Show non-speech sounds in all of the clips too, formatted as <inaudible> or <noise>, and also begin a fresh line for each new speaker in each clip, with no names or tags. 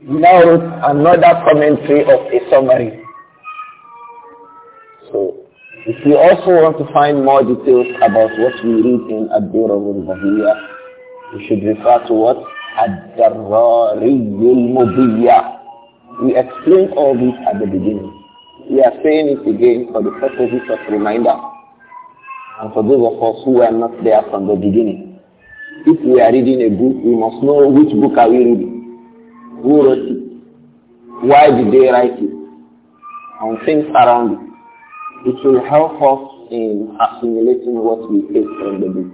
now wrote another commentary of a summary. So, if you also want to find more details about what we read in Ad-Durarul Bahiyya, you should refer to what? Ad-Darariyul Mubiyya. We explained all this at the beginning. We are saying it again for the purpose of reminder. And for those of us who were not there from the beginning. If we are reading a book, we must know which book are we reading. Who wrote it? Why did they write it? And things around it. It will help us in assimilating what we take from the book.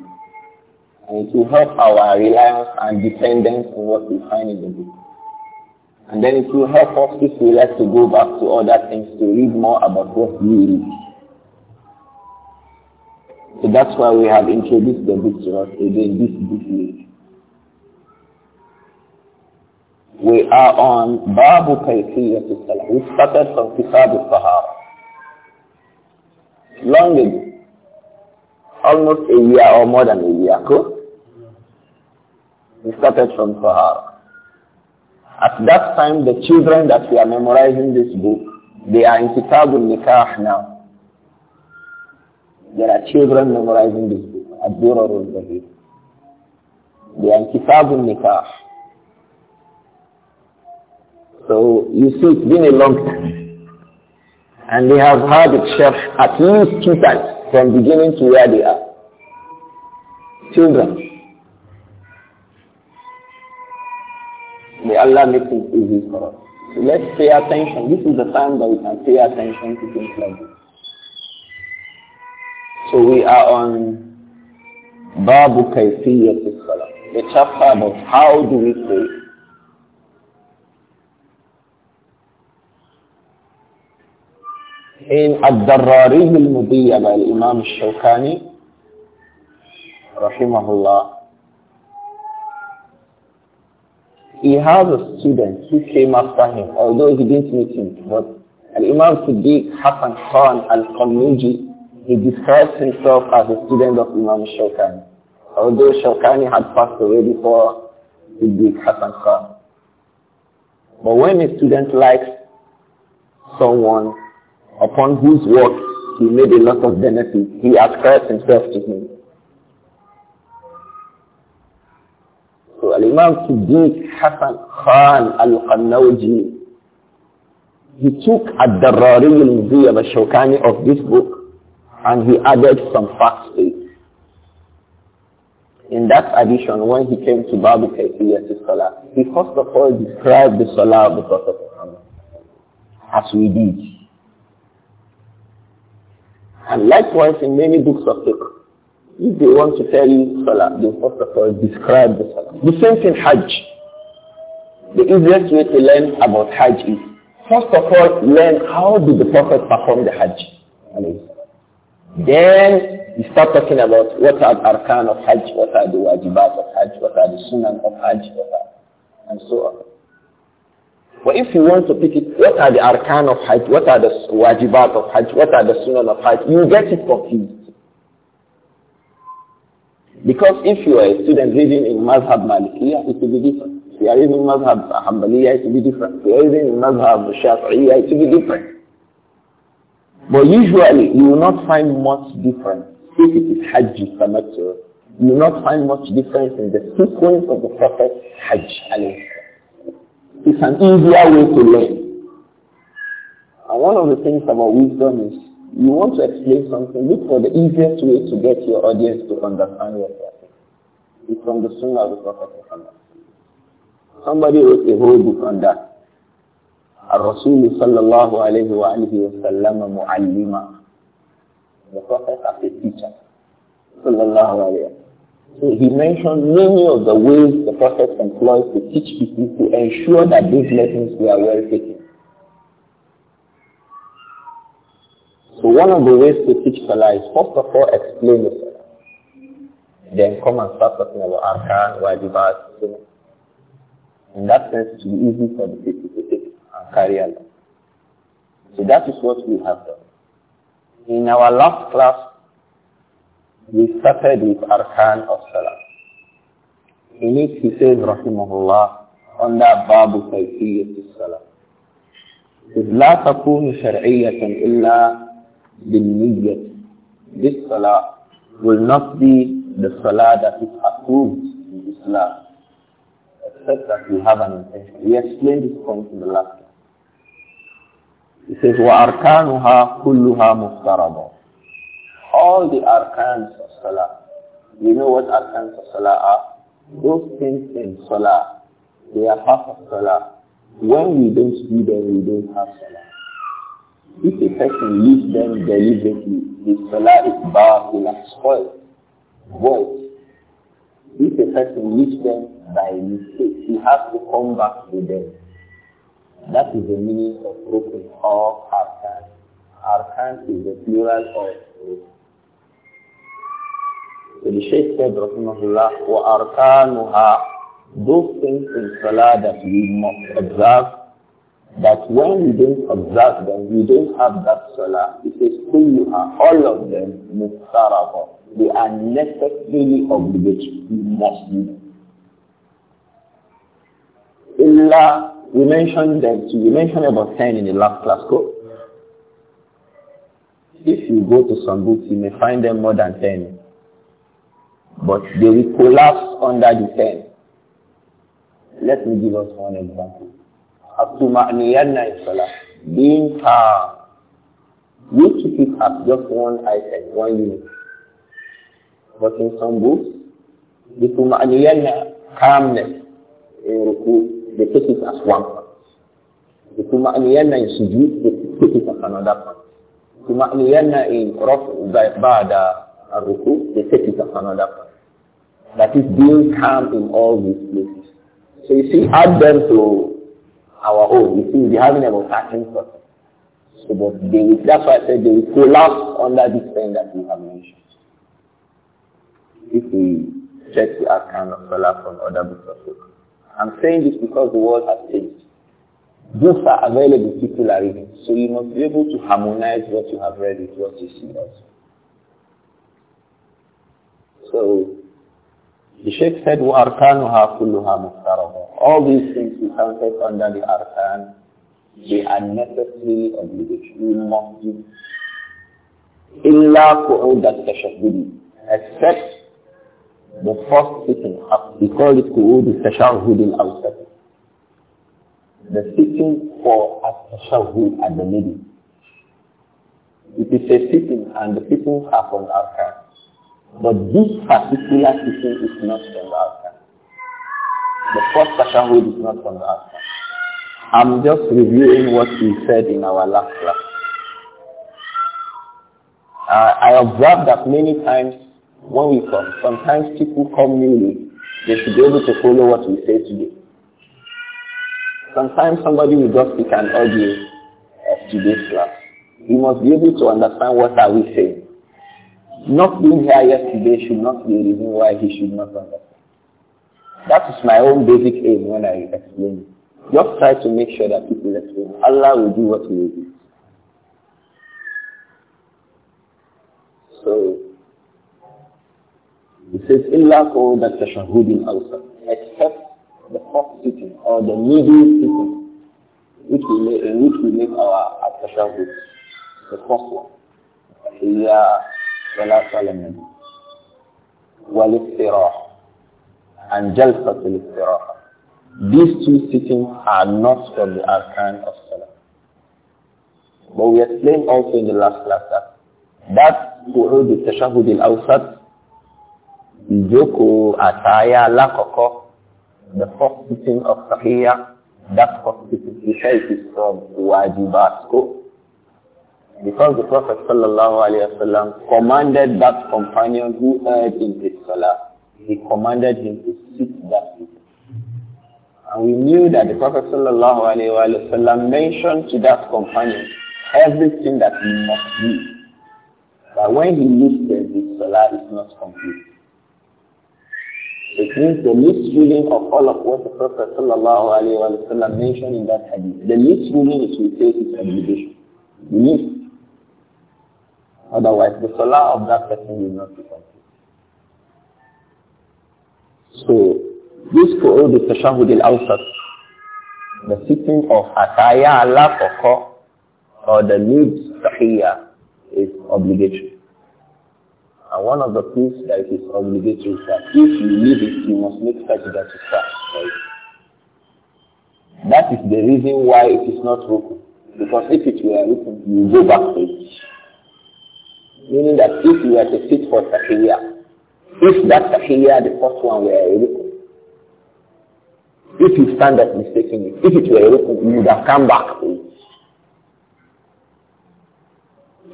And it will help our reliance and dependence on what we find in the book. And then it will help us if we like to go back to other things to read more about what we read. So that's why we have introduced the book to us again this book. We are on Babu Kayfiyyat Salah. We started from Kitab al-Sahara. Long ago. Almost a year or more than a year ago. We started from Sahara. At that time, the children that we are memorizing this book, they are in Kitab al-Nikah now. There are children memorizing this book. Abdurrahman They are in Kitab al-Nikah. So you see, it's been a long time. And they have had the chef at least two times from beginning to where they are. Children. May Allah make it easy for us. So let's pay attention. This is the time that we can pay attention to things like this. So we are on Babu Kaifiyat Salah, the chapter about how do we pray. in Ad-Darrari al-Mudiyya by Imam Shawkani, rahimahullah, he has a student who came after him, although he didn't meet him. But imam Siddiq Hassan Khan Al-Qanuji, he describes himself as a student of Imam Shokani, although Shokani had passed away before Siddiq Hassan Khan. But when a student likes someone upon whose work he made a lot of benefit, he ascribed himself to him. So Al-Imam Siddiq Hassan Khan Al-Qannawji, he took Ad-Darrari al al-Shawkani of this book and he added some facts to it. In that addition, when he came to Babu Kayfiyyat Salah, he first of all described the Salah of the Prophet Muhammad as we did. And likewise in many books of fiqh, if they want to tell you salah, they first of all describe the salah. The same thing Hajj. The easiest way to learn about Hajj is first of all learn how did the Prophet perform the Hajj. Then you start talking about what are the arkan of Hajj, what are the wajibat of Hajj, what are the sunan of Hajj, what are, and so on. But if you want to pick it, what are the arkan of Hajj? What are the wajibat of Hajj? What are the sunnah of Hajj? You get it confused. Because if you are a student living in Mazhab Malikiyah, it will be different. If you are living Mazhab Hanbaliyah, it will be different. If you are in Mazhab Shafi'iyah, it will be different. But usually, you will not find much difference if it is Hajj Tamattu. You will not find much difference in the sequence of the Prophet's Hajj. It's an easier way to learn. And one of the things about wisdom is you want to explain something, look for the easiest way to get your audience to understand what you're saying. It's from the Sunnah of the Prophet Muhammad. Somebody wrote a whole book on that. الرسول صلى الله عليه وآله وسلم معلما. The Prophet as a teacher. صلى الله عليه وسلم he mentioned many of the ways the Prophet employed to teach people to ensure that these lessons were well taken. So one of the ways to teach Salah is first of all explain the Salah. Then come and start talking about Arkan, Wajibat, so In that sense, it should be easy for the people to take and carry along. So that is what we have done. In our last class, we started with Arkan of Salah. In it he says, Rahimahullah, under Babu Kayfiyyat Salah. إذ لا تكون شرعية إلا بالنية. This Salah will not be the Salah that is approved in Islam, except that you have an intention. We explained this point in the last one. He says, وَأَرْكَانُهَا كُلُّهَا مُفْتَرَضًا all the arkans of salah. You know what arkans of salah are? Those things in salah, they are half of salah. When we don't do them, we don't have salah. If a person leaves them deliberately, the salah is bad, will have spoiled, void. If a person leaves them by mistake, he has to come back to them. That is the meaning of broken or arkan. Arkan is the plural of so the Shaykh said, Rahimahullah, Those things in Salah that we must observe, But when we don't observe them, we don't have that Salah. It says, are. All of them, مُفْتَرَبَةً They are necessarily obligatory. We must do them. Illa, we mentioned that, we mentioned about 10 in the last class, go. If you go to some books, you may find them more than 10. But they will collapse under the pen. Let me give us one example. Atuma'niyanna in Salah. Being calm. You keep it as just one item, one unit. But in some books, the tuma'niyanna, calmness, in ruku, they take it as one point. The tuma'niyanna in sujood, they take it as another point. Tuma'niyanna in rafu ba'da ruku they take it as another that is being calm in all these places. So you see, add them to our own. You see, we are having about 13 percent. So but they will, that's why I said they will collapse under this thing that we have mentioned. If we check the account of Salah from other books of work. I'm saying this because the world has changed. Books are available, people are reading. So you must be able to harmonize what you have read with what you see also. So the Sheikh said, وَأَرْكَانُهَا كُلُّهَا All these things we counted under the arkan, they are necessarily obligatory. We must do. إِلَّا قُعُودَ التَّشَهُدِ Except the first sitting up. We call it قُعُودُ التَّشَهُدِ الْأَوْسَطِ The sitting for at-tashahud at the middle. It is a sitting and the people have on arkan. But this particular teaching is not from the outcome. The first tashahud is not from the I'm just reviewing what we said in our last class. Uh, I observe that many times when we come, sometimes people come newly, they should be able to follow what we say today. Sometimes somebody will just pick an audio of uh, today's class. He must be able to understand what are we saying. Not being here yesterday should not be a reason why he should not understand. That is my own basic aim when I explain it. Just try to make sure that people explain. Allah will do what he will do. So, it says, إِلَّا قَوْدَ تَشَهُدٍ أَوْسَطٍ Except the fourth sitting or the middle sitting, which we make, in which we make our tashahud, the first one. Yeah. Salat al and jalsat al These two sitting are not from the arkan of Salah. But we explained also in the last class that that qu'ud al-tashahhud al-awsat, ìjókòó asaya lákọ̀ọ́kọ́, the first sitting of Sahiyah, that first sitting, he says is from wajibat. Because the Prophet wasallam commanded that companion who heard in his salah, he commanded him to sit that And we knew that the Prophet wasallam mentioned to that companion everything that he must do. But when he listed his salah is not complete. It means the misreading of all of what the Prophet wasallam mentioned in that hadith. The misreading is we take its obligation. Otherwise, the salah of that person will not be complete. So, this Qu'ud is Tashahud al-Awsat, the sitting of Ataya Allah Koko, or the need Tahiyya, is obligatory. And one of the proofs that it is obligatory is that if you leave it, you must make such that you start. Right? That is the reason why it is not broken, Because if it were written, you go back to it. Meaning that if you were to sit for Tahiyya, if that Tahiyya, the first one were a rukun, if you stand up mistakenly, if it were a rukun, you would have come back to it.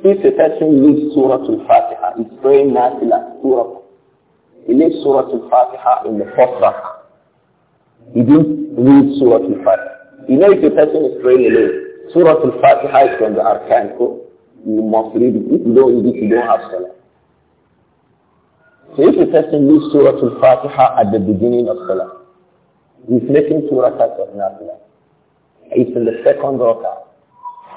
If a person leaves Surah Al-Fatiha, he's praying Nafila, Surah, he leaves Surah Al-Fatiha in the first rakah. He didn't read Surah Al-Fatiha. You know if a person is praying alone, Surah Al-Fatiha is from the Arkan Code you must read it. If you don't read it, you don't have salah. So if a person reads Surah Al-Fatiha at the beginning of salah, he's making two al of It's in the second rakah.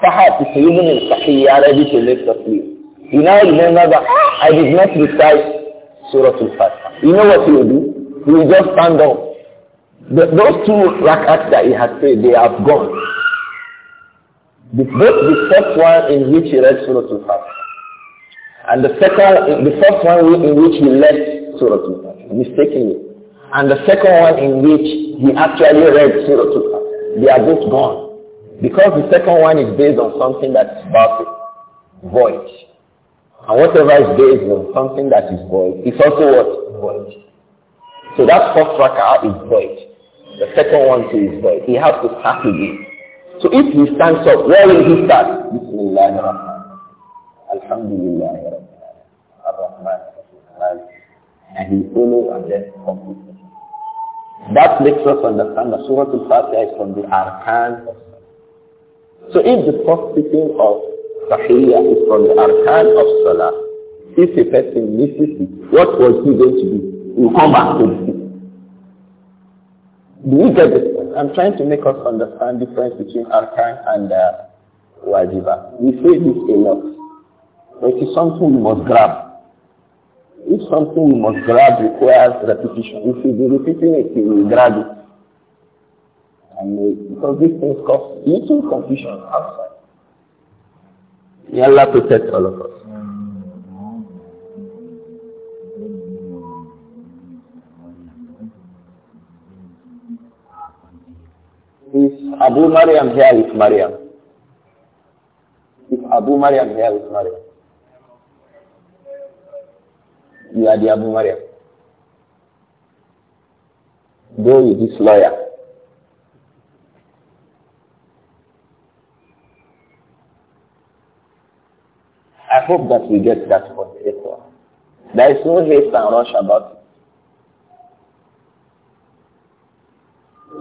Perhaps if even in Sahih, ready to make up sleep. You now remember that ah, I did not recite Surah Al-Fatiha. You know what he will do? He will just stand up. The, those two rakats that he has said, they have gone. The, both the first one in which he read Surah Al-Fatiha and the second, the first one in which he left Surah Al-Fatiha mistakenly, and the second one in which he actually read Surah Al-Fatiha, they are both gone because the second one is based on something that is baffled, void, and whatever is based on something that is void is also what void. So that first rakah is void. The second one too is void. He has to start again. So if he stands up, where will he start? Bismillah ar-Rahman. Alhamdulillah ar-Rahman. And he follows and then completes. That makes us understand that Surah Al-Fatiha is from the Arkan of so if the first sitting of sahiyah is from the arkan of Salah, if a person misses it, what was he going to do? He will come back to it. Do you get this? I'm trying to make us understand difference between arkan and uh, wajiba. We say this a lot. It is something we must grab. If something we must grab requires repetition, if you be repeating it, you will grab it. And uh, because these things cause little confusion outside. May Allah protect all of us. Is Abu Maryam here with Maryam? Is Abu Maryam here with Maryam? You are the Abu Maryam. Go with this lawyer. I hope that we get that for the There is no haste and rush about it.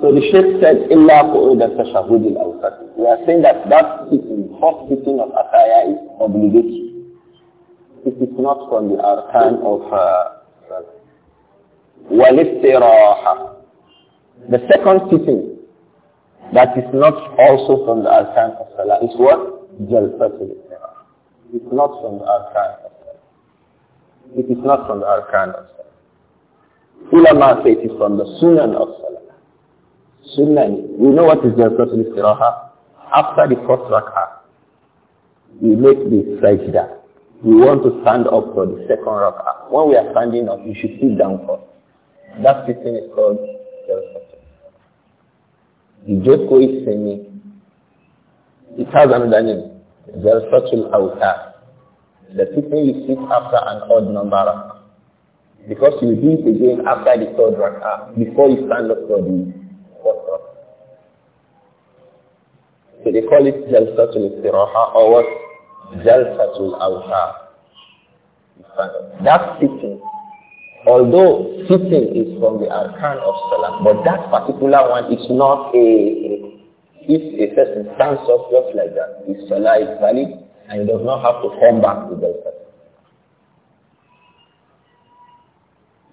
So the Sheikh said, إِلَّا قُعُدَ التَّشَهُدِ الْأَوْسَطِ We are saying that that sitting, first sitting of Ataya is obligatory. It is not from the arkan of uh, The second sitting that is not also from the arkan of Salah is what? Jalfatul It's not from the arkan of Salah. It is not from the arkan of Salah. Ulama say it is from the sunan of Salah. Sunnah We know what is the Qasr Istiraha. After the first rak'ah, we make the sajda. We want to stand up for the second rak'ah. When we are standing up, you should sit down first. That sitting is called the Joko is saying it has another name. Zalfatul Awtar. The sitting you sit after an odd number because you do it again after the third rak'ah, before you stand up for the So they call it Jalsatul Istiraha or what? Jalsatul Awha. That sitting, although sitting is from the arkan of Salah, but that particular one is not a, if a person stands up just like that, his salah is valid and he does not have to come back to Delta.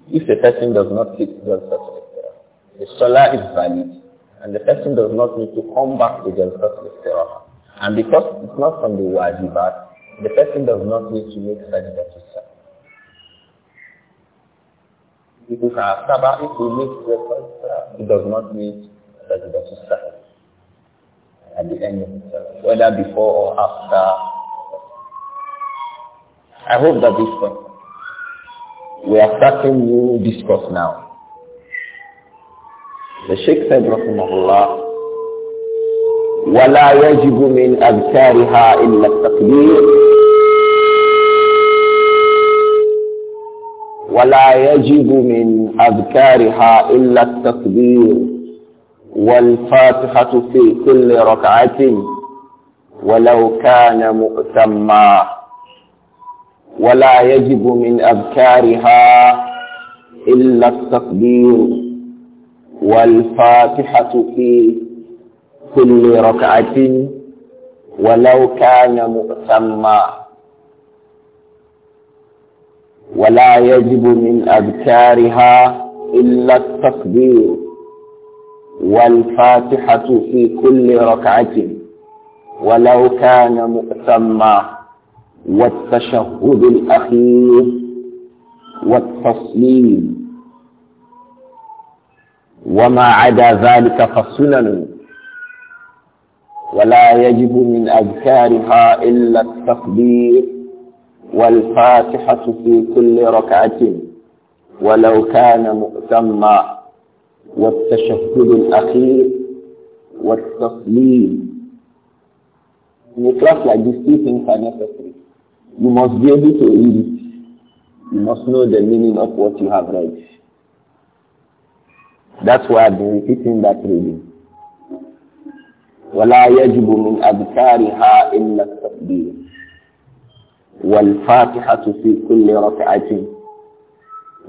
If a person does not keep the salah, his salah is valid and the person does not need to come back to the Istiraha. And because it's not from the wajibat, the person does not need to make sajda to self. If you have if you make reference, it does not need sajda to self at the end of the service, whether before or after. I hope that this point. We are starting new discourse now. الشيخ سيد رحمه الله ولا يجب من أذكارها إلا التكبير ولا يجب من أذكارها إلا التكبير والفاتحة في كل ركعة ولو كان مؤتما ولا يجب من أذكارها إلا التكبير والفاتحة في كل ركعة ولو كان مؤتما ولا يجب من أذكارها إلا التكبير والفاتحة في كل ركعة ولو كان مؤتما والتشهد الأخير والتصليم وما عدا ذلك فالسنن ولا يجب من أذكارها إلا التقدير والفاتحة في كل ركعة ولو كان مؤتما والتشهد الأخير والتصليم In a class like this, two things are necessary. You must be able to read it. You must know the meaning of what you have read. That's why I've been repeating that reading. ولا يجب من أذكارها إلا التكبير والفاتحة في كل ركعة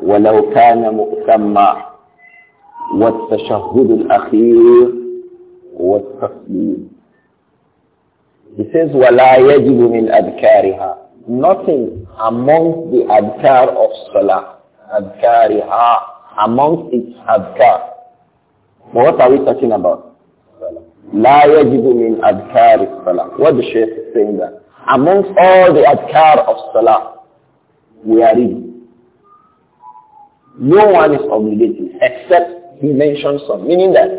ولو كان مؤتما والتشهد الأخير والتسليم He says ولا يجب من أذكارها Nothing among the adhkar of salah adhkariha amongst its adkar. What are we talking about? لا يجب من is salah. What the Shaykh is saying that? Amongst all the adkar of salah, we are reading. No one is obligated except he mentions some. Meaning that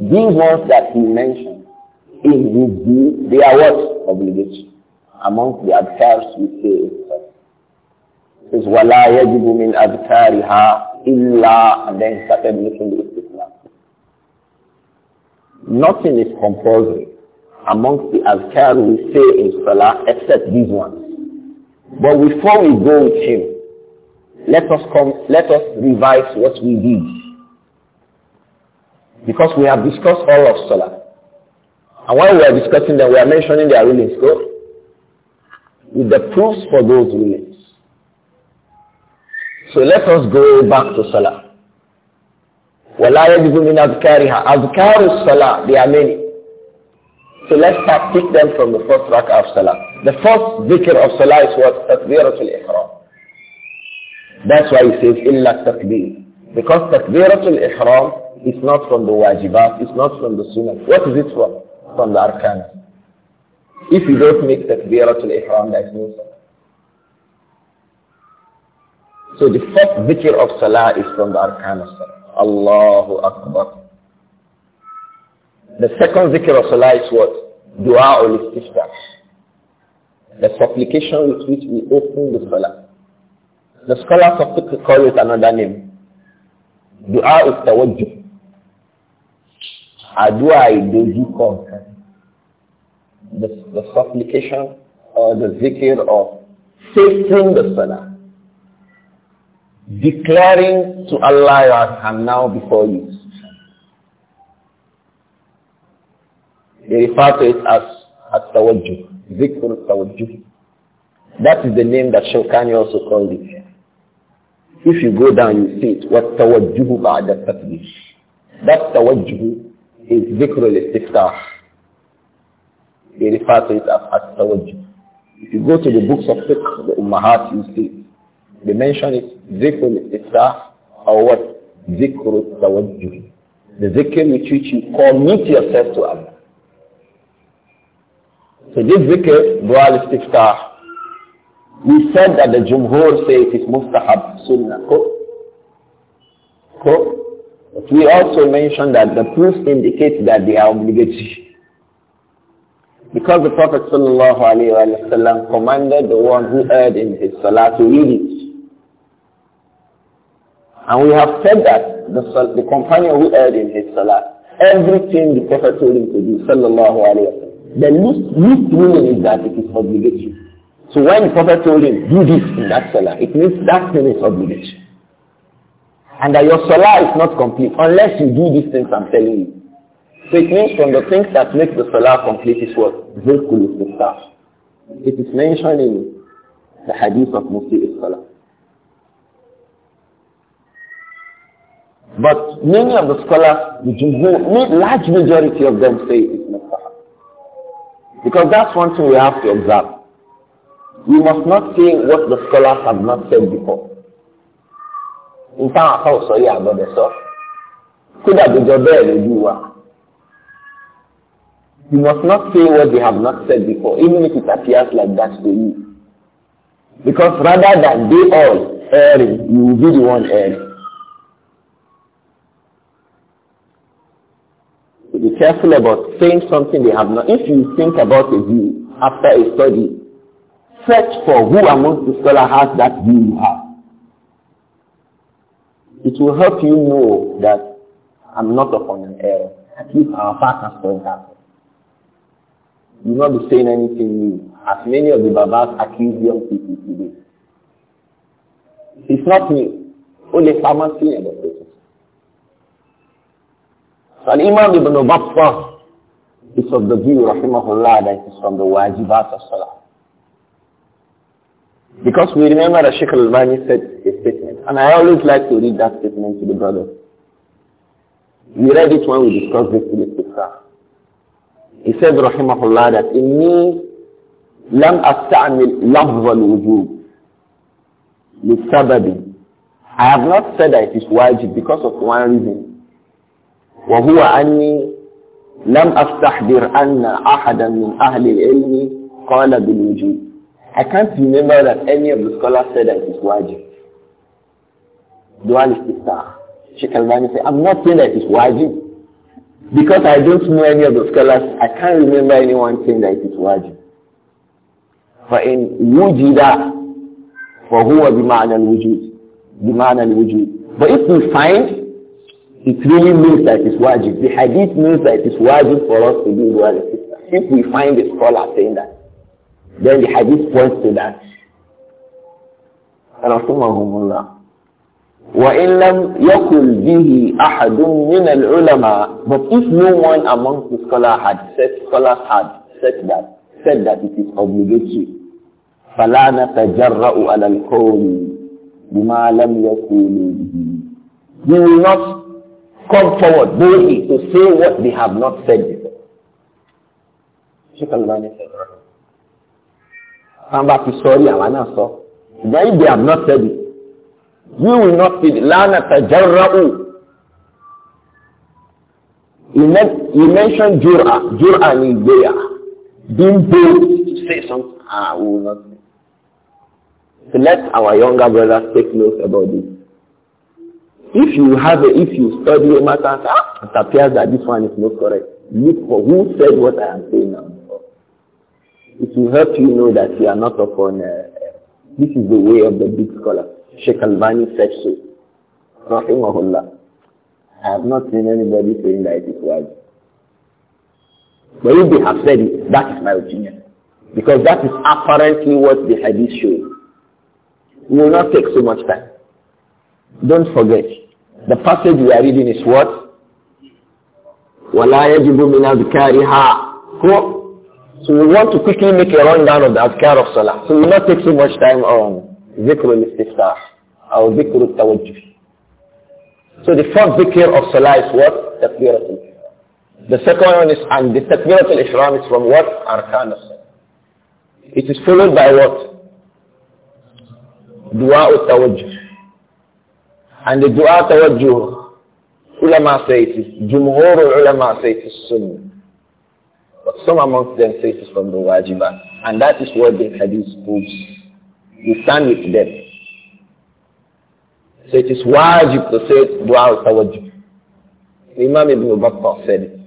these ones that he mentioned in his view, they are what? Obligation. Amongst the adkars we say is وَلَا يَجِبُ مِنْ أَذْكَارِهَا illa, and then started making the istisna. Nothing is compulsory amongst the azkar we say in salah except these ones. But before we go with him, let us come, let us revise what we did. Because we have discussed all of salah. And while we are discussing them, we are mentioning their rulings. Go with the proofs for those rulings. So let us go back to Salah. وَلَا يَجِبُ مِنْ أَذْكَارِهَا أَذْكَارُ الصَّلَاةِ There are many. So let's start, take them from the first rak'ah of Salah. The first dhikr of Salah is what? Takbiratul Ihram. That's why he says, إِلَّا التَّكْبِيرِ Because Takbiratul Ihram is not from the wajibat, it's not from the sunnah. What is it from? From the arkan. If you don't make Takbiratul Ihram, that means So the first dhikr of salah is from the arkan of salah. Allahu Akbar. The second dhikr of salah is what? Dua ul istiftah. The supplication with which we open the salah. The scholars of fiqh call it another name. Dua ul tawajjuh. Adua idojukon. The, the supplication or the zikr of facing the salah declaring to Allah I am now before you. They refer to it as at-tawajjuh, zikr tawajjuh. That is the name that Shawkani also called it. If you go down, you see it. What tawajjuh ba'da tatbih. That tawajjuh is zikr al-istiftah. They refer to it as at-tawajjuh. If you go to the books of fiqh, the Ummahat, you see it. They mention it, Zikrul Isra or what? Zikrul Tawajjuh. The zikr which you commit yourself to Allah. So this zikr, dua al-istiftah, we said that the Jumhur say it is mustahab sunnah. Cool. But we also mentioned that the proof indicates that they are obligatory. Because the Prophet ﷺ commanded the one who heard in his salah to read it. And we have said that the, the companion who erred in his salah, everything the Prophet told him to do, sallallahu alayhi wa sallam, the least, least meaning is that it is obligatory. So when the Prophet told him, do this in that salah, it means that thing is obligatory. And that your salah is not complete unless you do these things I'm telling you. So it means from the things that make the salah complete is what? Zilkul is the staff. It is mentioned in the hadith of Musi is salah. But many of the scholars, large majority of them say it's mustahab. Because that's one thing we have to observe. We must not say what the scholars have not said before. In fact, I thought, sorry about the stuff. Could have been well. you must not say what they have not said before, even if it appears like that to you. Because rather than they all erring, you will be the one erring. Be careful about saying something they have not. If you think about a view after a study, search for who among the scholars has that view you have. It will help you know that I'm not upon an error. At least our fathers has done that, You will not be saying anything new, as many of the Babas accuse young people today. It's not new. Only farmers see about it. So Al-Imam Ibn Battah is of the view, rahimahullah, it is from the wajibat of salah. Because we remember that Sheikh al-Albani said a statement, and I always like to read that statement to the brothers. We read it when we discussed this in the He said, rahimahullah, that in me, لم أستعمل لفظ الوجوب لسبب I have not said that it is wajib because of one reason. وهو أني لم أستحضر أن أحدا من أهل العلم قال بالوجوب I can't remember that any of the scholars said that it's wajib. Dual She Sheikh Albani said, I'm not saying that it's wajib. Because I don't know any of the scholars, I can't remember anyone saying that it is wajib. فإن وجد فهو بمعنى الوجود. بمعنى الوجود. But if we find it really means that it's wajib. The hadith means that it's wajib for us to do dua and istighfar. If we find a scholar saying that, then the hadith points to that. رحمهم الله وإن لم يقل به أحد من العلماء but if no one among the scholars had said scholars had said that said that it is obligatory فلا نتجرأ على القول بما لم يقولوا به we will not come forward boldly to say what they have not said before. Sheikh Al-Bani said, Samba ti sọ́rí àwọn náà sọ. Then if they have not said it, you will not see the lana tajarra'u. He, mentioned jura, jura and idea, being bold to say something. Ah, we will not. So let our younger brothers take note about this. If you have a, if you study a matter, ah, it appears that this one is not correct. Look for who said what I am saying now. It will help you know that you are not upon, uh, uh this is the way of the big scholar. Sheikh Albani said so. Allah. I have not seen anybody saying that it is wise. But if they have said it, that is my opinion. Because that is apparently what the hadith shows. We will not take so much time. Don't forget, the passage we are reading is what? وَلَا يَجِبُ مِنْ أَذْكَارِهَا So we want to quickly make a rundown of the adhkar of salah. So we will not take so much time on ذِكْرُ الْإِسْتِفْتَاحِ or So the first zikr of salah is what? Takbiratul The second one is, and the takbiratul ishram is from what? Arkan It is followed by what? Dua al-tawajjuh. And the dua tawajjuh, ulama say it is, jumhur ulama say it is sunnah. But some amongst them say it is from the wajiba, And that is what the hadith proves. You stand with them. So it is wajib to say dua tawajjuh. Imam Ibn Battah said it.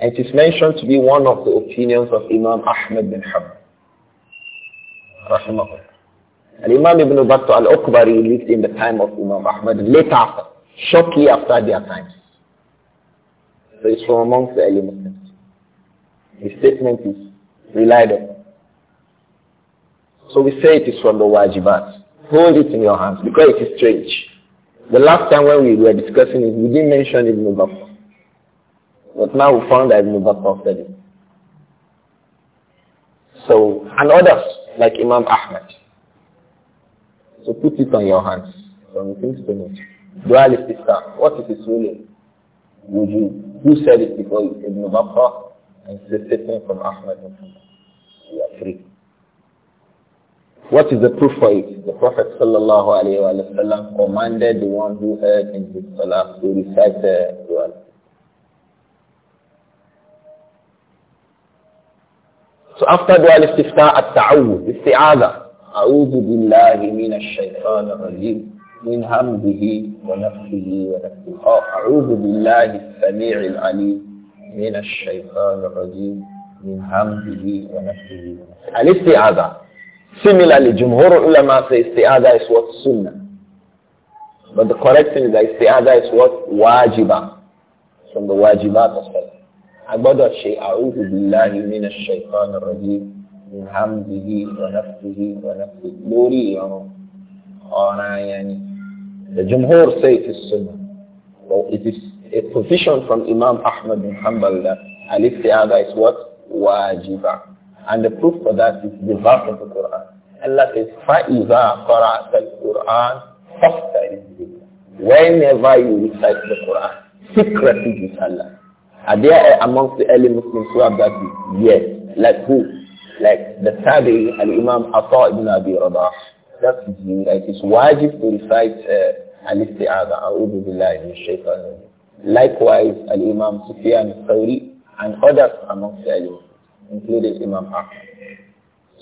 And it is mentioned to be one of the opinions of Imam Ahmad bin Hanbal. Rahimahullah. And imam Ibn Battah al-Ukbari lived in the time of Imam Ahmad, Later, after, shortly after their times. So it's from amongst the early Muslims. His statement is relied on. So we say it is from the wajibat. Hold it in your hands because it is strange. The last time when we were discussing it, we didn't mention Ibn Battah. But now we found that Ibn Battah said it. So, and others, like Imam Ahmad. So put it on your hands. do you think so much. Dual istisqa. What is its ruling? Wuju. Who said it before you? Ibn Battah. And it's a statement from Ahmad. You are free. What is the proof for it? The Prophet sallallahu alayhi wa sallam commanded the one who heard in his salah to recite the dual. So after dual istiftah, at-ta'awud, isti'adha. أعوذ بالله من الشيطان الرجيم من همزه ونفسه ونفسه أعوذ بالله السميع العليم من الشيطان الرجيم من همزه ونفسه الاستعاذة Similarly, Jumhur ulama say isti'adha is what sunnah. But the correct thing is that isti'adha is what wajiba. From the wajibat of Salah. I gbọ́dọ̀ ṣe àrùn ìbìláhi nínú ṣẹ̀tàn bihamdihi wa nafsihi wa nafsihi lórí ìrun ọ̀ràn yẹn the jumhur say it is sunnah well it is a position from Imam Ahmad bin Hanbal that al-istiada is what wajiba and the proof for that is the verse of the Quran Allah says فَإِذَا قَرَأْتَ الْقُرْآنِ فَاسْتَعِذْ Whenever you recite the Quran, seek refuge with Allah. Are there amongst the early Muslims who have that? Yes. Like who? Like the Tabi, Al-Imam Atta ibn Abi Rabah, that's his view, that it is wajib to recite uh, Al-Isti'adha, A'udhu Billahi min Shaitan. Likewise, Al-Imam Sufyan al-Thawri and others amongst the including Imam Ahmad.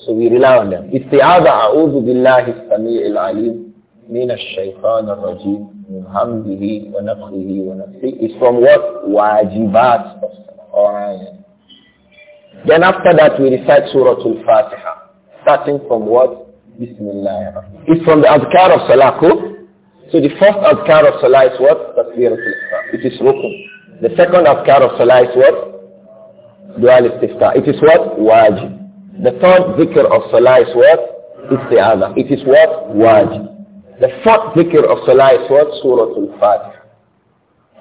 So we rely on them. Isti'adha, A'udhu Billahi al-Sami'il Alim min al-Shaitan al-Rajim min hamdihi wa nafsihi wa nafsihi is from what? Wajibat of Salah. Then after that, we recite Surah Al-Fatiha, starting from what? Bismillah. It's from the Azkar of Salah, So the first Azkar of Salah is what? Tasbir al-Istiftah. is Rukun. The second Azkar of Salah is what? Dua It is what? Wajib. The third Azkar of Salah is what? Isti'adha. It is what? Wajib. The fourth Azkar of Salah is what? Surah al-Fatiha.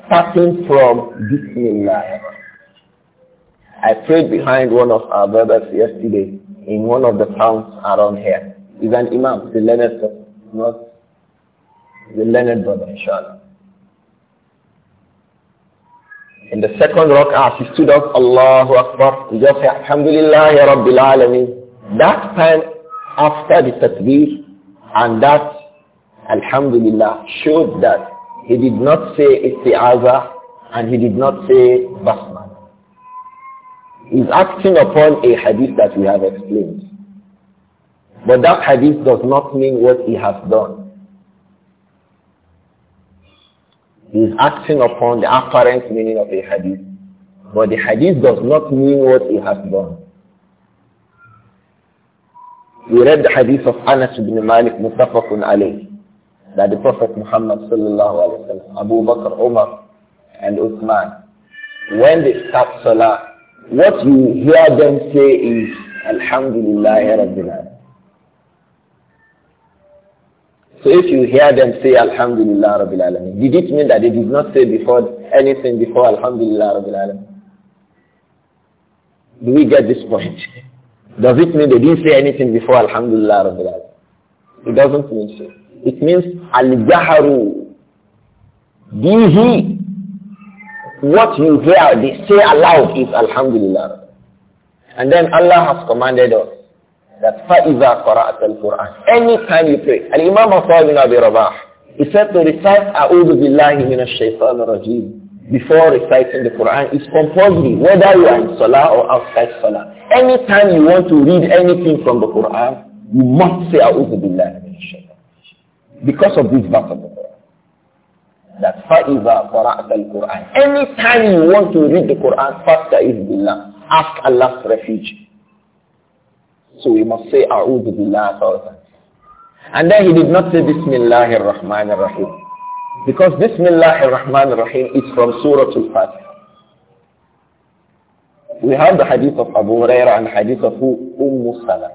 Starting from Bismillah. I prayed behind one of our brothers yesterday in one of the towns around here. He's an imam, the learned not the learned brother, inshallah. In the second rak'ah, he stood up, Allahu Akbar, he just said, Alhamdulillah, Ya Rabbil Alameen. That time after the takbir and that Alhamdulillah showed that he did not say isti'aza and he did not say basmala is acting upon a hadith that we have explained. But that hadith does not mean what he has done. He is acting upon the apparent meaning of a hadith. But the hadith does not mean what he has done. We read the hadith of Anas ibn Malik Mustafakun Ali that the Prophet Muhammad sallallahu alayhi wa sallam, Abu Bakr, Umar and Uthman, when they start salah, what you hear them say is, Alhamdulillah Rabbil Alamin. So if you hear them say Alhamdulillah Rabbil Alamin, did it mean that they did not say before anything before Alhamdulillah Rabbil Alamin? Do we get this point? <laughs> Does it mean they didn't say anything before Alhamdulillah Rabbil Alamin? It doesn't mean so. It means Al-Jaharu what you hear, they say aloud is Alhamdulillah. And then Allah has commanded us that فَإِذَا قَرَأَتَ الْقُرْآنِ Anytime you pray. And Imam Hafal bin Abi Rabah, he said to recite أعوذ بالله من الشيطان الرجيم before reciting the Quran is compulsory, whether you are in Salah or outside Salah. Anytime you want to read anything from the Quran, you must say أعوذ بالله Because of this verse that فَإِذَا قَرَأْتَ quran Anytime you want to read the Quran, فَاسْتَئِذْ بِاللَّهِ Ask Allah's refuge. So we must say, أَعُوذُ بِاللَّهِ thousand. And then he did not say, Bismillahir Rahmanir Rahim. Because Bismillahir Rahmanir Rahim is from Surah Al-Fatiha. We have the hadith of Abu Hurairah and hadith of Umm Salah.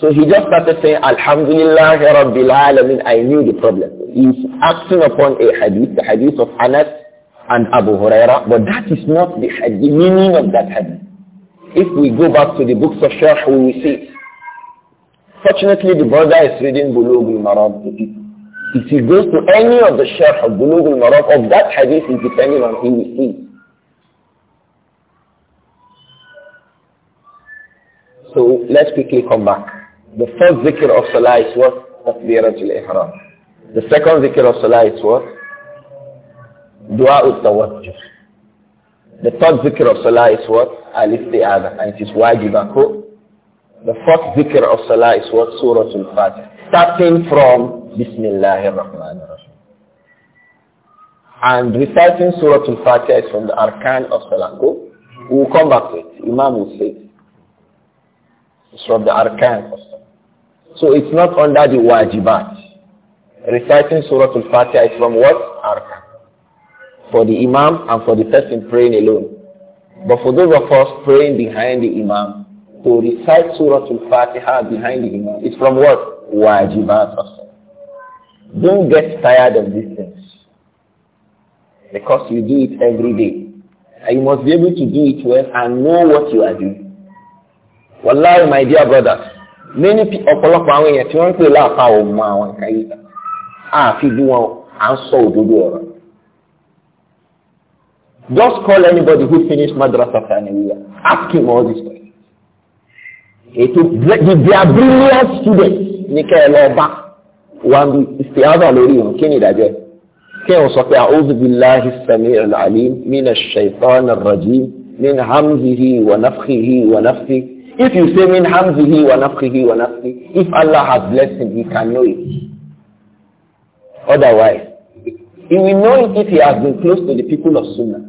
So he just started saying, Alhamdulillah, Rabbil Alameen, I knew the problem. He's acting upon a hadith, the hadith of Anas and Abu Huraira, but that is not the, hadith, the meaning of that hadith. If we go back to the books of Sharh, we will see it. Fortunately, the brother is reading Bulugh al-Marab. If he goes to any of the Sharh of Bulugh al-Marab of that hadith, is depending on who he sees. So let's quickly come back. The first zikr of salah is what? Takbiratul ihram. The second zikr of salah is what? Dua tawajjuh. The third zikr of salah is what? Al-isti'adha. And it is wajibako. The fourth zikr of salah is what? suratul fatih, Starting from Bismillahir Rahmanir Rahim. And reciting Surah al-Fatiha is from the arkan of salah. Go. We will come back to it. Imam will say it. It's from the arkan of salah. So it's not under the wajibat. Reciting Surah Al-Fatiha is from what? Arkan. For the Imam and for the person praying alone. But for those of us praying behind the Imam, to recite Surah Al-Fatiha behind the Imam, it's from what? Wajibat also. Don't get tired of these things. Because you do it every day. And you must be able to do it well and know what you are doing. Wallahi, my dear brothers, many ọ̀pọ̀lọpọ̀ àwọn èèyàn tí wọ́n ń pè láàfà ò mọ àwọn nǹkan yìí àfi bí wọn à ń sọ òdodo ọ̀rọ̀. Just call anybody who finished madrasa faniliya ask him all this question. Ètò they are brilliant students ní kẹ́ ẹ lọ bá wá bí ìsìtìyàdà lórí ìrùn kí ni ìdájọ́ ẹ̀. Kí wọ́n sọ pé a'udhu billahi as-sami'il alim minash rajim min hamzihi wa nafthihi wa nafthihi. If you say min hamzihi wa nafkihi wa nafki, if Allah has blessed him, he can know it. Otherwise, he will know it if he has been close to the people of Sunnah.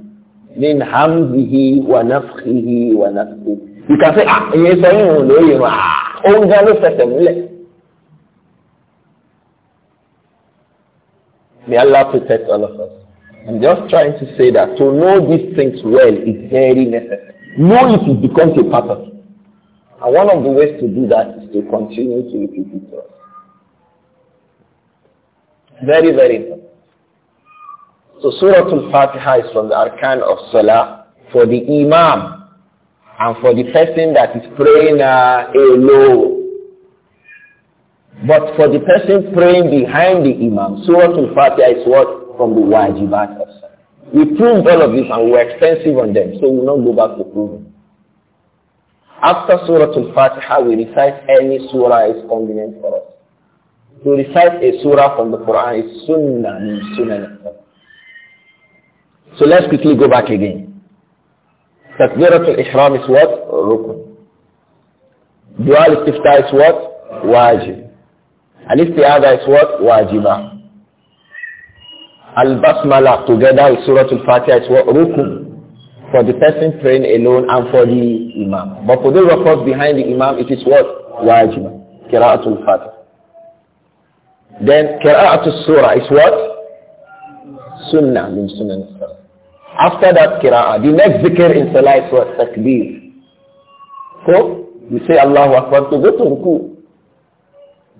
Min hamzihi wa nafkihi wa nafki. You can say, ah, yes, I know, no, you know, ah, oh, no, no, no, May Allah protect all of us. I'm just trying to say that to know these things well is very necessary. Know it, it becomes a part of And one of the ways to do that is to continue to repeat it to us. Very, very important. So Surah Al-Fatiha is from the arkan of Salah for the Imam and for the person that is praying uh, alone. But for the person praying behind the Imam, Surah Al-Fatiha is what? From the Wajibat of Salah. We proved all of this and we were extensive on them, so we will not go back to proving. After Surah Al-Fatiha, we recite any surah is convenient for us. To recite a surah from the Quran is sunnah sunnah. So let's quickly go back again. al Ihram is what? Rukun. al istiftah is what? Wajib. Al-Istiada is what? Wajibah. Al-Basmala together with Surah Al-Fatiha is what? Rukun for the person praying alone and for the imam. But for those of us behind the imam, it is what? Wajib. Kira'atul Fatih. Then Kira'atul Surah is what? Sunnah min Sunnah. After that Kira'ah, the next zikr in Salah is what? Takbir. So, you say Allahu Akbar to go to Ruku.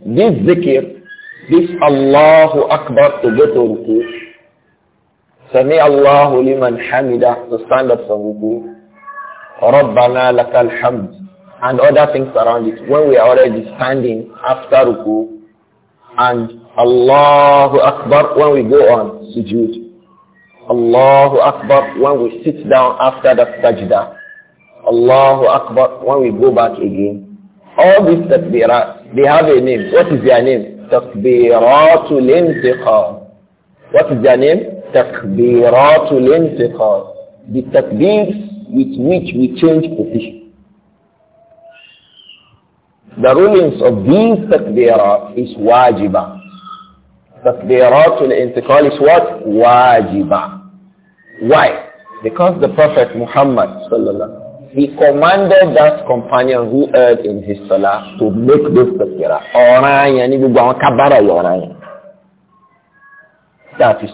This zikr, this Allahu Akbar to go to Ruku, Sami Allahu liman hamida to stand up from ruku. Rabbana lakal hamd. And other things around it. When we are already standing after ruku and Allahu Akbar when we go on sujood. Allahu Akbar when we sit down after the sajda. Allahu Akbar when we go back again. All these takbirat, they have a name. What is their name? Takbiratul intiqam. What is their name? takbiratul intiqal, the takbirs with which we change position. The rulings of these takbirat is wajiba. Takbiratul intiqal is what? Wajiba. Why? Because the Prophet Muhammad sallallahu he commanded that companion who erred in his salah to make this takbirah. Ọ̀ràn yẹn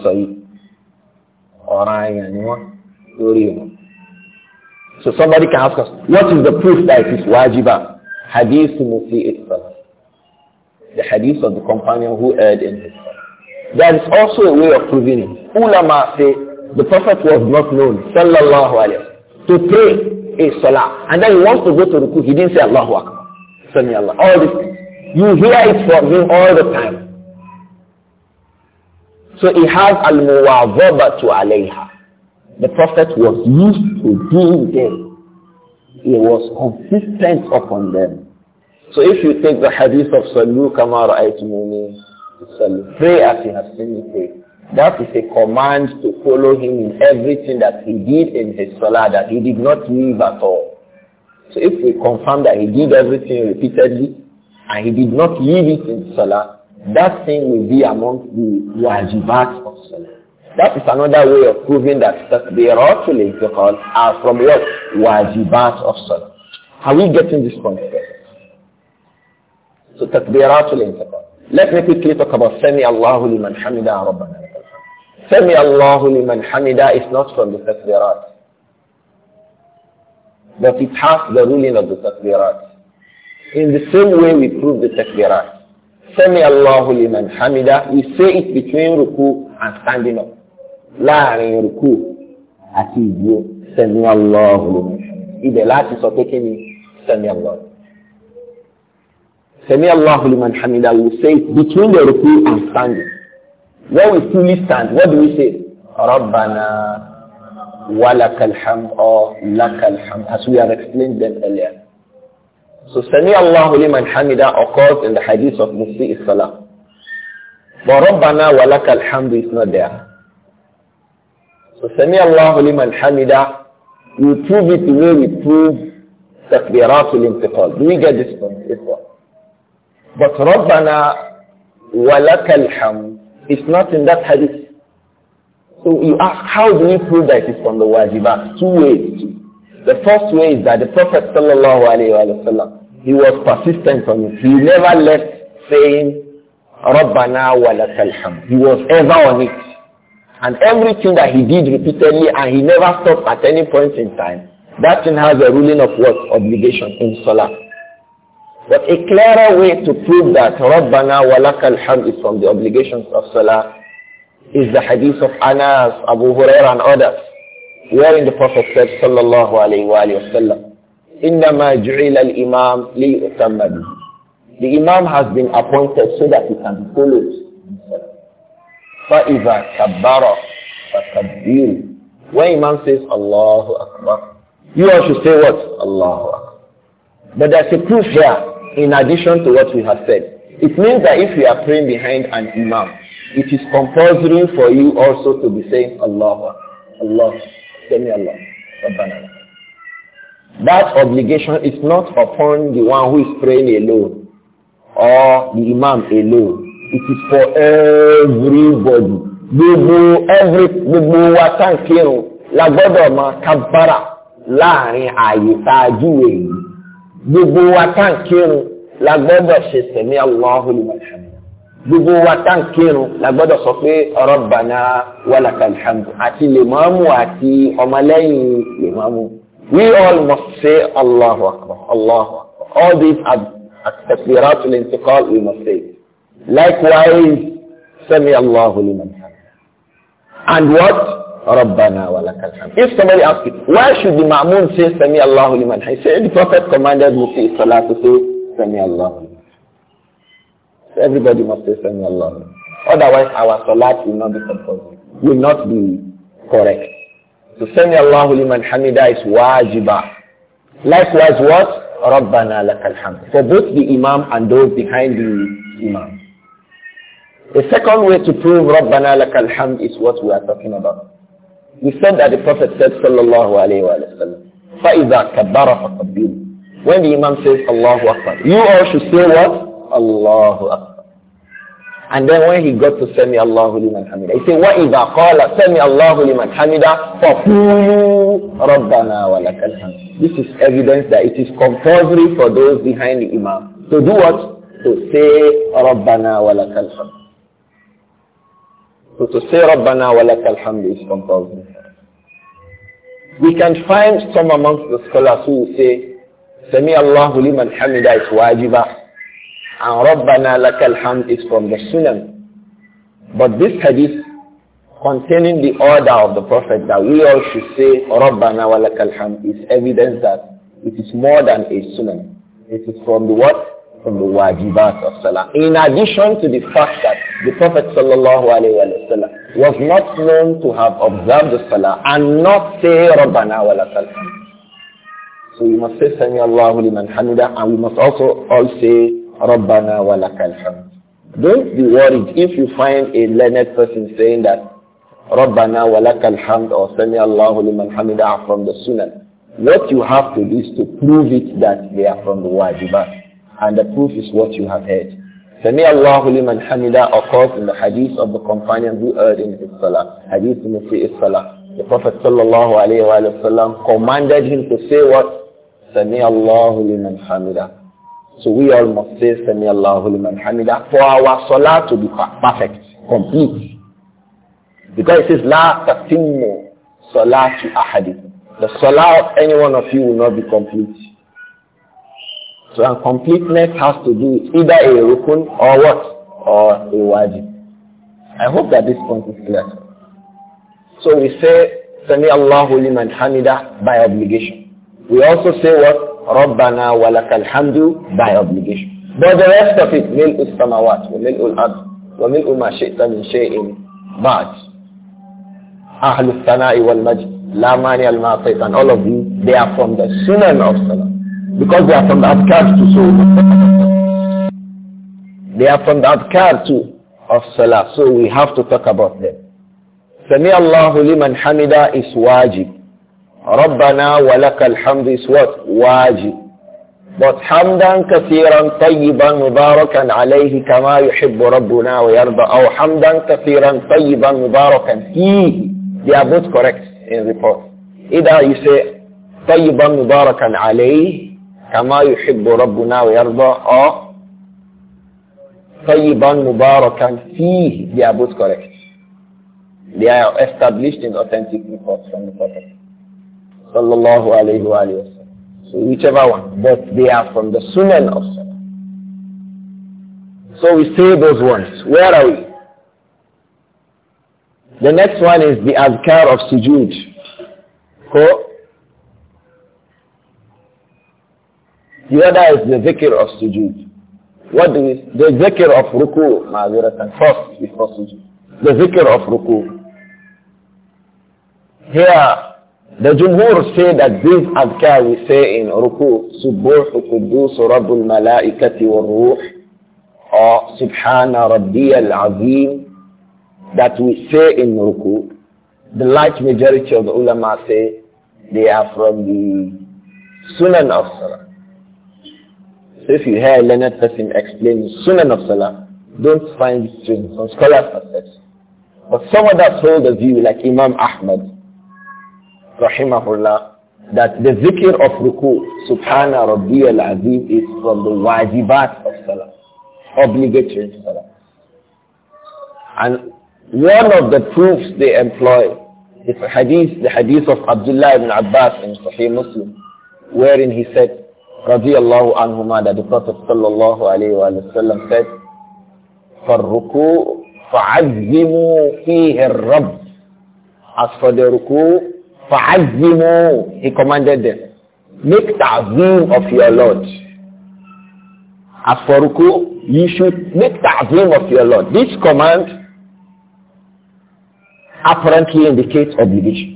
sọ so somebody can ask us, what is the proof that it is wajiba? Hadith Musi itself. The hadith of the companion who erred in his There is also a way of proving it. Ulama say the Prophet was not known, sallallahu alayhi to pray a salah. And then he wants to go to ruku, he didn't say Allahu Akbar. Sami Allah. All this. You hear it from him all the time. So he has al to alayha. The Prophet was used to doing them. He was consistent upon them. So if you take the hadith of Salu Kamar Salu, pray as he has seen me pray. That is a command to follow him in everything that he did in his salah, that he did not leave at all. So if we confirm that he did everything repeatedly, and he did not leave it in salah, that thing will be among the wajibat of salah. That is another way of proving that takbiratul intiqal are from what? Wajibat of salah. Are we getting this point? So takbiratul intiqal. Let me quickly talk about Sami Allahu liman hamida rabbana. Sami Allahu liman hamida is not from the takbirat. But it has the ruling of the takbirat. In the same way we prove the takbirat. Sami Allahu liman hamida. We say it between ruku and standing up. Láàrin ruku àti ìdúró. Sami Allahu liman hamida. Ibẹ̀ láti sọ pé kí ni Sami Allahu. Sami Allahu liman hamida. We say it between the ruku and standing. When we fully stand, what do we say? Rabbana walakal hamd or as we have explained them earlier. So Sami Allahu liman hamida occurs in the hadith of Musi Salah. But Rabbana walaka alhamdu is not there. So Sami Allahu liman hamida, we prove it the way we prove takbiratul intiqal. Do we get this point? But Rabbana walaka alhamd is not in that hadith. So you ask, how do we prove that it's from the wajibat? Two ways. The first way is that the Prophet sallallahu alayhi wa sallam he was persistent on it. He never left saying, Rabbana wa lakal He was ever on it. And everything that he did repeatedly and he never stopped at any point in time, that thing has a ruling of what? Obligation in Salah. But a clearer way to prove that Rabbana wa lakal is from the obligations of Salah is the hadith of Anas, Abu Hurairah and others, wherein the Prophet said, sallallahu alayhi wa sallam, إِنَّمَا جُعِلَ الْإِمَامُ لِيُؤْتَمَّ بِهِ The Imam has been appointed so that he can be followed. فَإِذَا كَبَّرَ فَكَبِّرُ When Imam says, Allahu Akbar, you all should say what? Allahu Akbar. But there's a proof here in addition to what we have said. It means that if you are praying behind an imam, it is compulsory for you also to be saying Allah, Allah, Sami Allah, Allah. That obligation is not upon the one who is praying alone or the imam alone. It is for everybody. Gbogbo every gbogbo wa tá n kírun la gbọ́dọ̀ máa kábàrà láàrin ààyè tá a Gbogbo wa tá n la gbọ́dọ̀ ṣe sẹ̀mí Allahu liman hamd. Gbogbo wa tá n kírun la gbọ́dọ̀ sọ pé Rabbana walakal hamd àti lèmọ́mù àti ọmọlẹ́yìn lèmọ́mù. We all must say Allahu Akbar, Allahu Akbar. All these at-takbirat al-intiqal we must say. Likewise, Sami Allahu liman And what? Rabbana wa lakal If somebody asks you, why should the Ma'mun say Sami Allahu liman Say the Prophet commanded Mufti Salah to say Sami Allahu liman so everybody must say Sami Allahu Otherwise our Salat will not be compulsory, will not be correct. To Sami Allahu liman hamida is wajiba. Likewise what? Rabbana lakal hamd. For both the Imam and those behind the Imam. The second way to prove Rabbana lakal hamd is what we are talking about. We said that the Prophet said sallallahu alayhi wasallam. sallam, فَإِذَا كَبَّرَ فَقَبِّلُ When the Imam says Allahu Akbar, you all should say what? Allahu Akbar. And then when he got to Sami Allahu liman hamida, he said, وَإِذَا قَالَ Sami Allahu liman hamida, فَقُولُوا رَبَّنَا وَلَكَ الْحَمْدُ This is evidence that it is compulsory for those behind the imam to do what? To say, رَبَّنَا وَلَكَ الْحَمْدُ So to say, wa وَلَكَ الْحَمْدُ is compulsory. We can find some amongst the scholars who say, Sami Allahu liman hamida is wajibah. And Rabbana lakal hamd is from the Sunan. But this hadith containing the order of the Prophet that we all should say Rabbana wa lakal hamd is evidence that it is more than a Sunan. It is from the what? From the wajibat of Salah. In addition to the fact that the Prophet sallallahu alayhi wa was not known to have observed the Salah and not say Rabbana wa lakal hamd. So we must say Sami Allahu liman hamida and we must also all say Rabbana hamd. Don't be worried if you find a learned person saying that Rabbana walakal lakal hamd or Sami Allahu liman hamida from the Sunnah. What you have to do is to prove it that they are from the Wajibat. And the proof is what you have heard. Sami Allahu liman hamida occurs in the hadith of the companion who heard in his salah. Hadith in the salah. The Prophet sallallahu alayhi wa sallam commanded him to say what? Sami Allahu liman hamida. So we all must say Sami Allahu liman hamida for our salah to be perfect, complete. Because it says La tatimmu salatu ahadi. The salah of any one of you will not be complete. So our completeness has to do with either a rukun or what? Or a wajib. I hope that this point is clear. So we say Sami Allahu liman hamida by obligation. We also say what? رَبَّنَا وَلَكَ الْحَمْدُ by obligation. But the rest of it, مِلْءُ السَّمَوَاتِ وَمِلْءُ الْأَرْضِ وَمِلْءُ مَا شِئْتَ مِنْ شَيْءٍ بَعْدِ أَهْلُ الثَّنَاءِ وَالْمَجْدِ لَا مَانِعَ لِمَا أَعْطَيْتَ And all of them, they are from the sunan of salah. Because they are from the adhkar to so They are from the adhkar to of salah. So we have to talk about them. سَمِعَ اللَّهُ لِمَنْ حَمِدَ is wajib. ربنا ولك الحمد سوات واجب but حمدا كثيرا طيبا مباركا عليه كما يحب ربنا ويرضى أو حمدا كثيرا طيبا مباركا فيه they are both correct in report either you say طيبا مباركا عليه كما يحب ربنا ويرضى او طيبا مباركا فيه they are both correct they are established in authentic reports from the Prophet Sallallahu alayhi wa So whichever one. But they are from the Sunan of Sunnah. So we say those ones. Where are we? The next one is the Azkar of Sujud. Cool? The other is the Zikr of Sujud. What do we, the Zikr of Ruku, Ma'aziratan, first before Sujud. The Zikr of Ruku. Here, the Jumhur say that these adhkar we say in ruku, Subuh Qudus Rabbul Malaikati wal Ruh, or Subhana Rabbi al-Azim, that we say in ruku, the large majority of the ulama say they are from the Sunan of Salah. So if you hear Leonard Tassim explain Sunan of Salah, don't find students on scholars accept. But some that hold the view like Imam Ahmad, rahimahullah, that the zikr of ruku, subhana al azim, is from the wajibat of salah, obligatory salah. And one of the proofs they employ is the hadith, the hadith of Abdullah ibn Abbas in Sahih Muslim, wherein he said, radiyallahu anhumad that the Prophet sallallahu alayhi عليه وسلم said, فَالرُّكُوءُ فَعَزِّمُوا فِيهِ الرَّبِّ As for the ruku', فَعَزِّمُوا He commanded them. Make ta'zim of your Lord. As for ruku, you should make ta'zim of your Lord. This command apparently indicates obligation.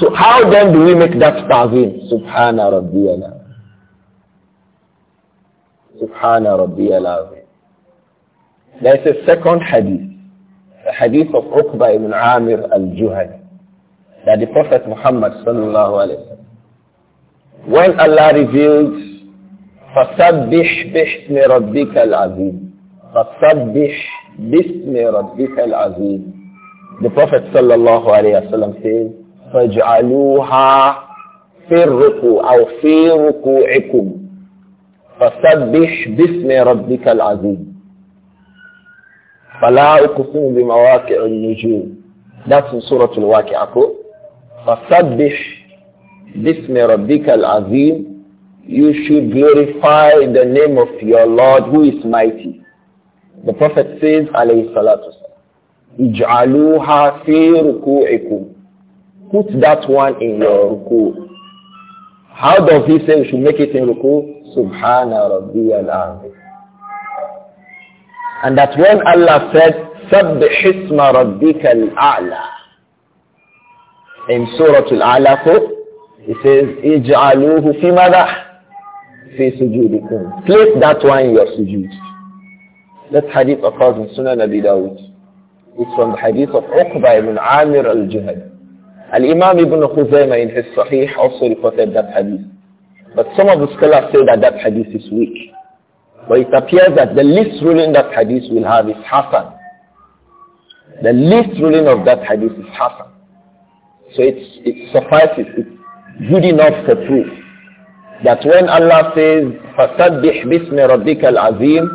So how then do we make that
ta'zim? Subhana Rabbiyala. Subhana Rabbiyala. There is a second hadith, the hadith of Uqba ibn Amir al-Juhani. that the Prophet Muhammad sallallahu alayhi wa sallam, when Allah revealed, فَصَبِّحْ بِحْمِ رَبِّكَ الْعَظِيمِ فَصَبِّحْ بِسْمِ رَبِّكَ الْعَظِيمِ The Prophet sallallahu alayhi wa sallam says, فَاجْعَلُوهَا فِي الرُّكُوْ أَوْ فِي رُكُوعِكُمْ فَصَبِّحْ بِاسْمِ رَبِّكَ الْعَظِيمِ فَلَا أُقْسِمُ بِمَوَاقِعِ النُّجُومِ That's in Surah Al-Waqi'ah. فَسَبِّحْ بِسْمِ رَبِّكَ الْعَظِيمِ You should glorify the name of your Lord who is mighty. The Prophet says, alayhi salatu Ijāluha fi رُكُوعِكُمْ Put that one in your ruku. How does he say we should make it in ruku? Subhana Rabbi azim. And that when Allah said, سَبِّحِ اسْمَ al-a'la in Surah Al-Alaq, it says, اجعلوه في ماذا؟ في سجودكم. Place that one in your sujood. That hadith occurs in Sunan Abi Dawud. It's from the hadith of Uqba ibn Amir al-Juhad. Al-Imam ibn Khuzaymah in his Sahih also reported that hadith. But some of the scholars say that that hadith is weak. But it appears that the least ruling that hadith will have is Hassan. The least ruling of that hadith is Hassan. So it's, it suffices, it's good enough for proof that when Allah says, فَسَبِّحْ بِاسْمِ رَبِّكَ الْعَظِيمِ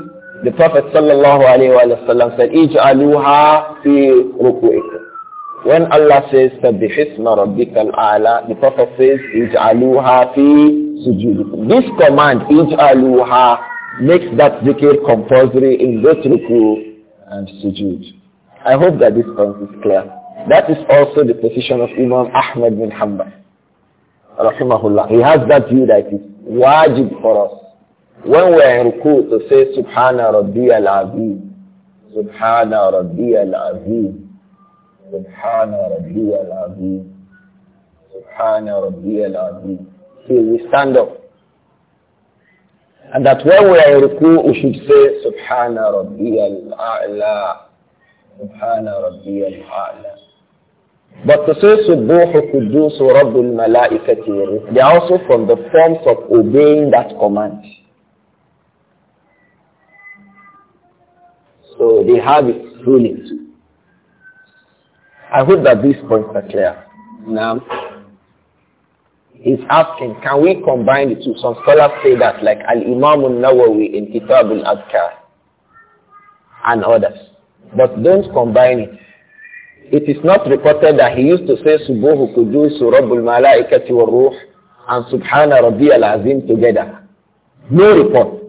The Prophet sallallahu alayhi wa sallam said, اِجْعَلُوهَا فِي رُكُوِكُمْ When Allah says, سَبِّحِ اسْمَ رَبِّكَ The Prophet says, اِجْعَلُوهَا فِي سُجُودِكُمْ This command, اِجْعَلُوهَا, makes that zikr compulsory in both ruku and sujood. I hope that this point is clear. That is also the position of Imam Ahmed bin Hanbal. Rahimahullah. He has that view that it is wajib for us. When we are in ruku to say Subhana Rabbi al-Azim, Subhana Rabbi al-Azim, Subhana Rabbi al-Azim, Subhana Rabbi al-Azim. See, we stand up. And that when we are in ruku, we should say Subhana Rabbi al-A'la, Subhana Rabbi al-A'la. But to say Subbuhu Qudusu Rabbul Malaikati they are also from the forms of obeying that command. So they have it ruling too. I hope that these points are clear. Now, he's asking, can we combine the two? Some scholars say that, like Al-Imam al-Nawawi in Kitab al-Adkar and others. But don't combine it. It is not reported that he used to say Subuhu Kudus Rabbul Malaikati wa Ruh and Subhana Rabbi al Azim together. No report.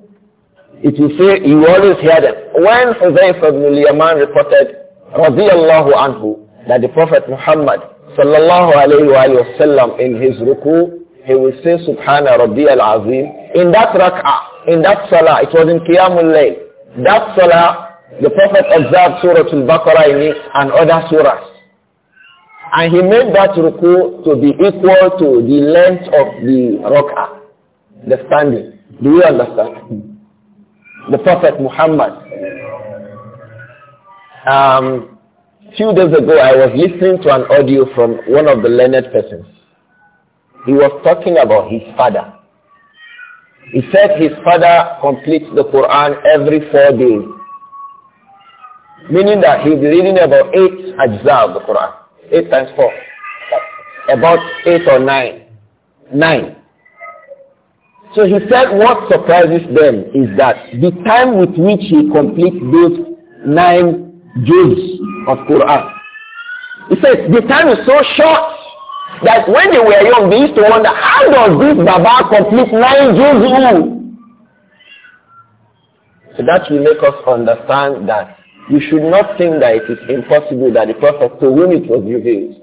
It will say you always hear them. When Huzayf ibn Yaman reported Rabbi Radiallahu anhu that the Prophet Muhammad sallallahu alayhi wa sallam in his ruku he will say Subhana Rabbi al Azim in that rak'ah, in that salah, it was in Qiyamul Layl. That salah the Prophet observed Surah Al-Baqarah and other surahs. And he made that ruku to be equal to the length of the rak'ah, the standing. Do you understand? The Prophet Muhammad. Um, few days ago, I was listening to an audio from one of the learned persons. He was talking about his father. He said his father completes the Quran every four days. Meaning that he's reading about eight ajza of the Quran. Eight times four. About eight or nine. Nine. So he said what surprises them is that the time with which he completes those nine juz of Quran. He says the time is so short that when they were young they used to wonder how does this Baba complete nine juz? So that will make us understand that you should not think that it is impossible that the Prophet to whom it was revealed,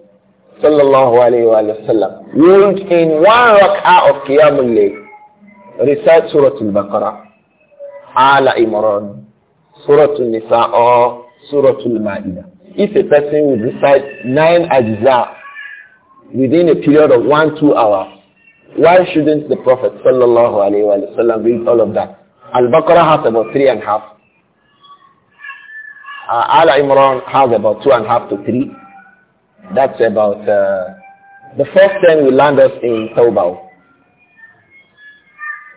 sallallahu alayhi wa, alayhi wa sallam, ruled in one rak'ah of Qiyamul layl recite Surah Al-Baqarah, Ala Imran, Surah Al-Nisa or Surah Al-Ma'idah. If a person would recite nine ajza within a period of one, two hours, why shouldn't the Prophet sallallahu wa, alayhi wa sallam read all of that? Al-Baqarah has about three and a half. Uh, Al Imran has about two and a half to three. That's about uh, the first ten will land us in Tawbah.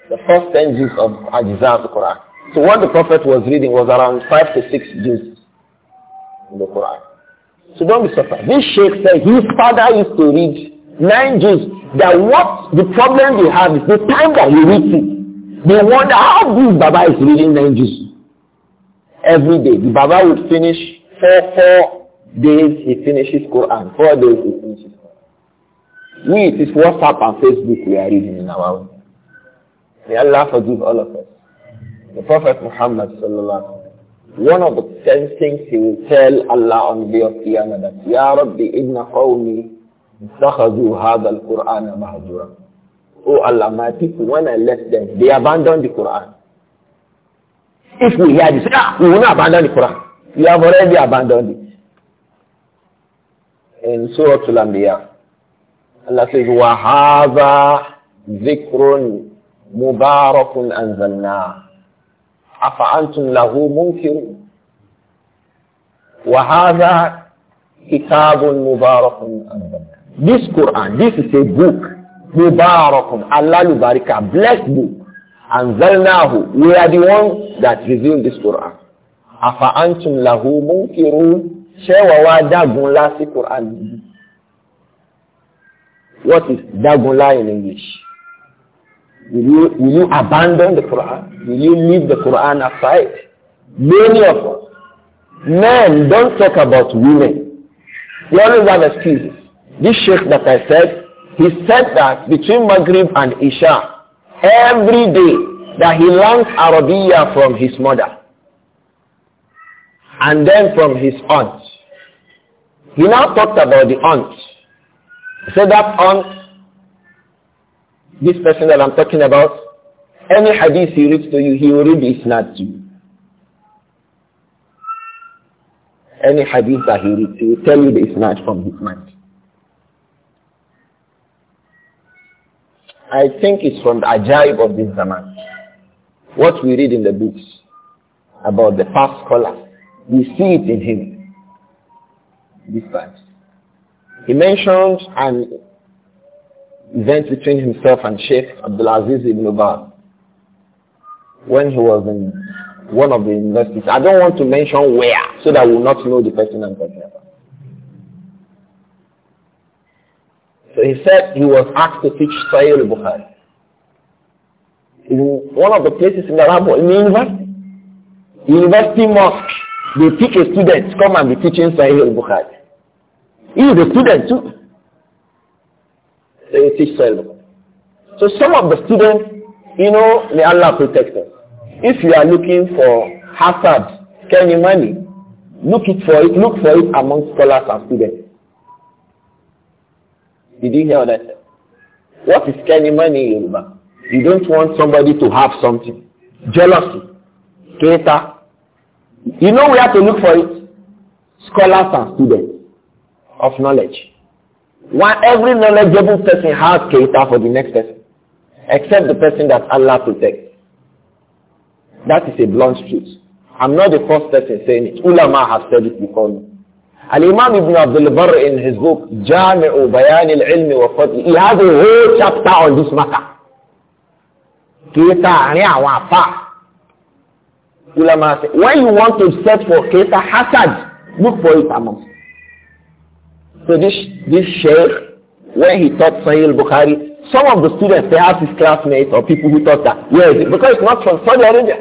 The first ten juice of Ajizah of the Quran. So what the Prophet was reading was around five to six juice in the Quran. So don't be surprised. This Sheikh said his father used to read nine juice. That what the problem they have is the time that he reads it. They wonder how this Baba is reading nine juice every day. The Baba would finish four, four days he finishes Quran. Four days he finishes Quran. We, it is WhatsApp and Facebook we are reading in our own. May Allah forgive all of us. The Prophet Muhammad sallallahu one of the ten things he will tell Allah on the day of Qiyamah that, Ya Rabbi, inna qawmi ittakhadu hadha al-Qur'ana Oh Allah, my people, when I left them, they abandoned the Qur'an. If we hear this, ah, we will not abandon the Quran. You have already abandoned it. In Surah Al-Anbiya, Allah says, وَهَذَا ذِكْرٌ مُبَارَكٌ أَنزَلْنَاهُ أَفَأَنْتُمْ لَهُ مُنْكِرُونَ وَهَذَا كِتَابٌ مُبَارَكٌ أَنزَلْنَاهُ This Quran, this is a book, مُبَارَكٌ Allah Lubarika, blessed book anzalnahu we are the ones that revealed this quran afa antum lahu munkiru ṣé wá dágun lá sí quran what is dágun lá in english will you will you abandon the quran will you leave the quran aside many of us men don't talk about women we always have excuses this sheikh that i said he said that between maghrib and isha every day that he learns Arabiya from his mother and then from his aunt. He now talked about the aunt. He said that aunt, this person that I'm talking about, any hadith he reads to you, he will read Isnad to you. Any hadith that he reads, he will tell you the not from his mind. I think it's from the ajaib of this Zaman. What we read in the books about the past scholar, we see it in him. This time, He mentions an event between himself and Sheikh Abdulaziz ibn Baz when he was in one of the universities. I don't want to mention where so that we will not know the person I'm talking So he said he was asked to teach Sahih al-Bukhari. In one of the places in Arab in the university, university mosque, they pick a student come and be teaching Sahih al-Bukhari. He is a student too. So teach Sahih al-Bukhari. So some of the students, you know, may Allah protect us. If you are looking for hazard, can you money, look it for it, look for it among scholars and students. Did you hear that? What is Kenimani in Yoruba? You don't want somebody to have something. Jealousy. Cater. You know where to look for it? Scholars and students of knowledge. Why every knowledgeable person has cater for the next person. Except the person that Allah protects. That is a blunt truth. I'm not the first person saying it. Ulama has said it before me. Al-Imam Ibn Abdul Barr in his book, Jami'u Bayan al-Ilmi wa Fadli, he has a whole chapter on this matter. Keta àárín wa àfà. Ulama say, when you want to search for Keta Hasad, look for it among. So this, this sheikh, when he taught Sahih al-Bukhari, some of the students, perhaps his classmates or people who taught that, where is it? Because it's not from Saudi Arabia.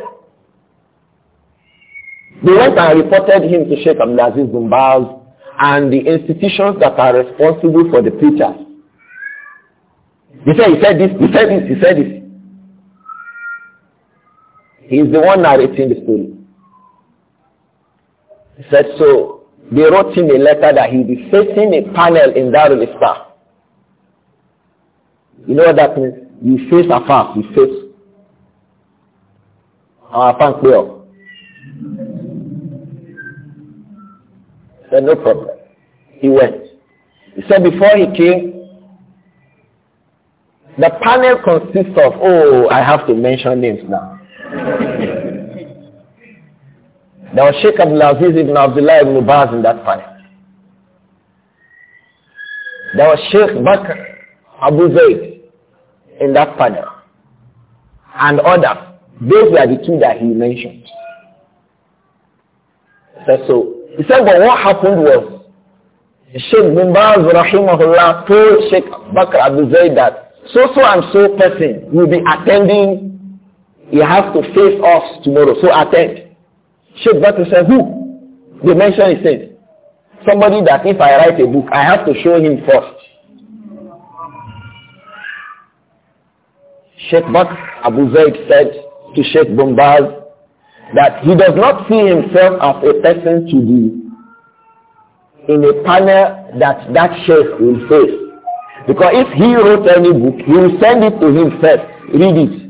They went and reported him to Sheikh Abdulaziz bin and the institutions that are responsible for the preachers. He said, he said this, he said this, he said this. He's the one narrating the story. He said, so they wrote him a letter that he'll be facing a panel in that Islam. You know what that means? You face afar, you face. Our pan clear said, no problem. He went. He said before he came, the panel consists of, oh, I have to mention names now. there was <laughs> Sheikh Abdul Aziz ibn Abdullah ibn Baz in that panel. There was Sheikh Bakr Abu Zaid in that panel. And others. Those were the two that he mentioned. So, so he said, but what happened was, Sheikh bin Baz rahimahullah told Sheikh Bakr Abu Zayd that so so and so person will be attending, he has to face us tomorrow, so attend. Sheikh Bakr said, who? They mentioned He said, Somebody that if I write a book, I have to show him first. Sheikh Bakr Abu Zayd said to Sheikh Bombaz that he does not see himself as a person to be in a panel that that chef will face. Because if he wrote any book, he will send it to him first. Read it.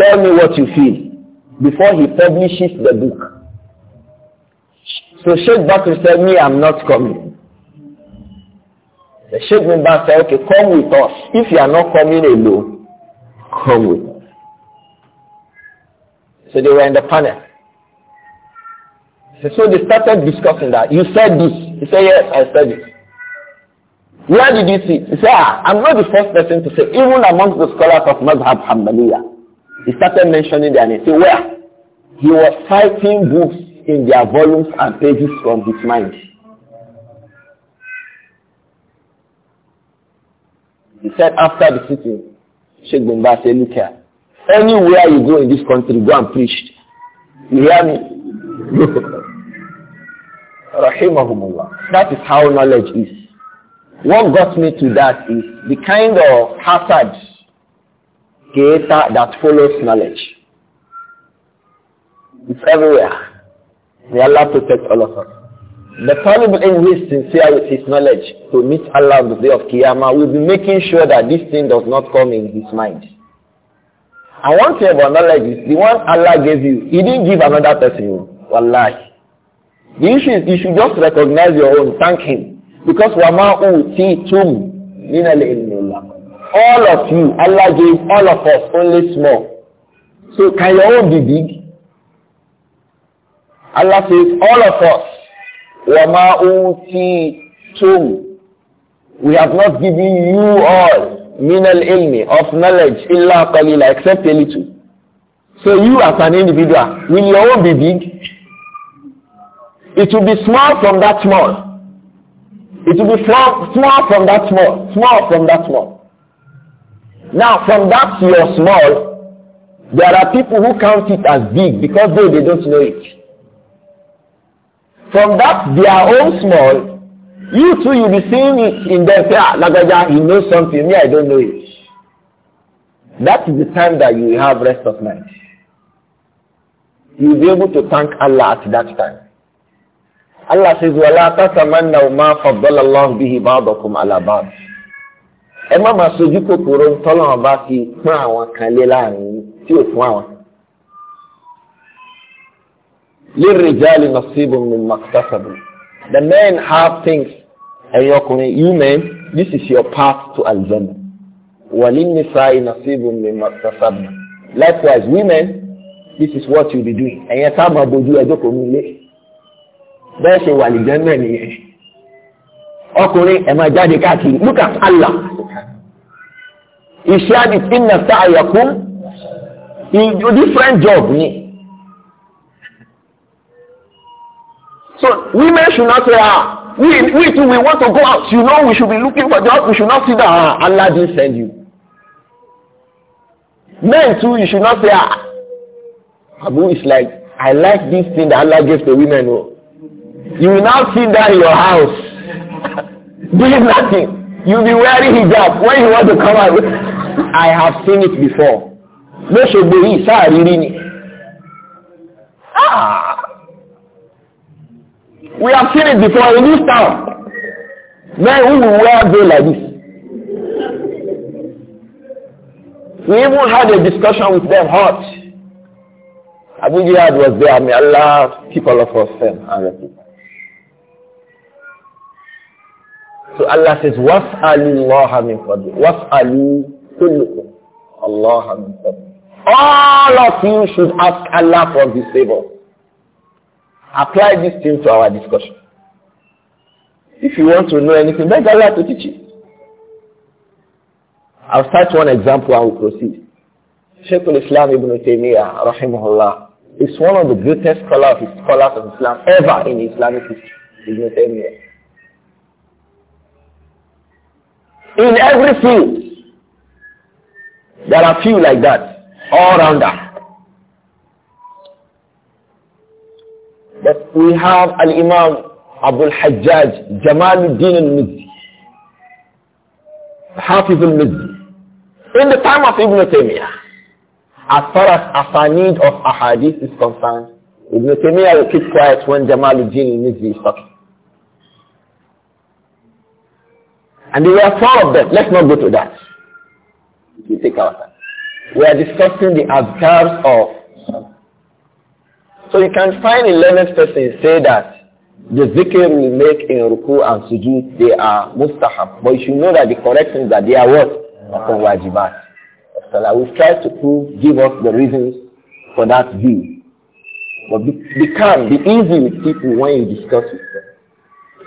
Tell me what you feel before he publishes the book. So Sheikh Bakr said, me, I'm not coming. The Sheikh Mimba said, okay, come with us. If you are not coming alone, come with so they were in the panel. So they started discussing that. You said this. He said, yes, I said it. Where did you see? He said, ah, I'm not the first person to say, even amongst the scholars of Madhab Hanbaliya. He started mentioning their name. He said, where? He was citing books in their volumes and pages from his mind. He said after the sitting, Sheikh Bumba said, look here, Anywhere you go in this country, go and preach. You hear me? <laughs> Rahimahumullah. That is how knowledge is. What got me to that is the kind of hazard that follows knowledge. It's everywhere. May Allah protect all of us. The talib in his sincere with his knowledge to meet Allah on the day of Qiyamah will be making sure that this thing does not come in his mind. And one thing about like this. the one Allah gave you, He didn't give another person. Wallahi. The issue is you should just recognize your own, thank Him. Because وَمَا tum All of you, Allah gave all of us only small. So can your own be big? Allah says, all of us, وَمَا tum. We have not given you all min ilmi of knowledge, illa qalila, except a little. So you as an individual, will your own be big? It will be small from that small. It will be small, small from that small, small from that small. Now from that your small, there are people who count it as big because they, they don't know it. From that their own small, you too, you'll be seeing it in them. Yeah, Lagaja, he knows something. Me, I don't know it. That is the time that you have rest of mind. You'll be able to thank Allah at that time. Allah says, وَلَا تَتَمَنَّوْا مَا فَضَّلَ اللَّهُ بِهِ بَعْضَكُمْ عَلَى بَعْضٍ ẹ má máa sojú kòkòrò tọ́lọ́wọ́n bá fi pín àwọn kan lé láàrin tí ò fún àwọn. لِلرِّجَالِ نَصِيبٌ مِّمَّا اكْتَسَبُوا The men have things ẹ̀yin ọkùnrin you men this is your path to aljanna wàlín nisa inasibu mi masasabna likewise women this is what you be doing ẹ̀yin tá a máa bójú ẹjọ́ kò ní ilé bẹ́ẹ̀ ṣe wà lìjẹ́ náà nìyẹn ọkùnrin ẹ̀ máa jáde káàkiri look at Allah iṣẹ́ àdìsí nàfẹ́ àyàkún ìjọ different job ni. So women should not say ah we we too we want to go out you know we should be looking for job we should not see that ah allah didn't send you men too you should not say ah abu is like i like this thing that allah gave to women o oh. you will now see that in your house <laughs> doing nothing you be wearing hijab when you want to come out i have seen it before No, lóṣogbo yìí sáà rírí ni. We have seen it before in this town. Men who will wear like this. We even had a discussion with them hot. Abu Jihad was there. May Allah keep all of us firm and repeat. So Allah says, وَاسْأَلُوا اللَّهَ مِنْ فَضْلِ وَاسْأَلُوا كُلُّكُمْ اللَّهَ مِنْ you? All of you should ask Allah for this favor. Apply this thing to our discussion. If you want to know anything, beg Allah to teach you. I'll start one example and we'll proceed. Sheikh al-Islam ibn Taymiyyah, rahimahullah, is one of the greatest scholars of, scholars of Islam ever in Islamic history, Ibn Taymiyyah. In every field, there are few like that, all us. that we have Al-Imam Abdul Hajjaj Jamaluddin al-Mizzi, Hafiz al-Mizzi. In the time of Ibn Taymiyyah, as far as asanid of ahadith is concerned, Ibn Taymiyyah will keep quiet when Jamaluddin al-Mizzi is talking. And there were four of them. Let's not go to that. We take our time. We are discussing the adhkars of so you can find a learned person say that the zikr we make in ruku and sujood, they are mustahab. But you should know that the correct thing is that they are what? Upon wajibat. So I will try to prove, give us the reasons for that view. But be, be calm, be easy with people when you discuss with them.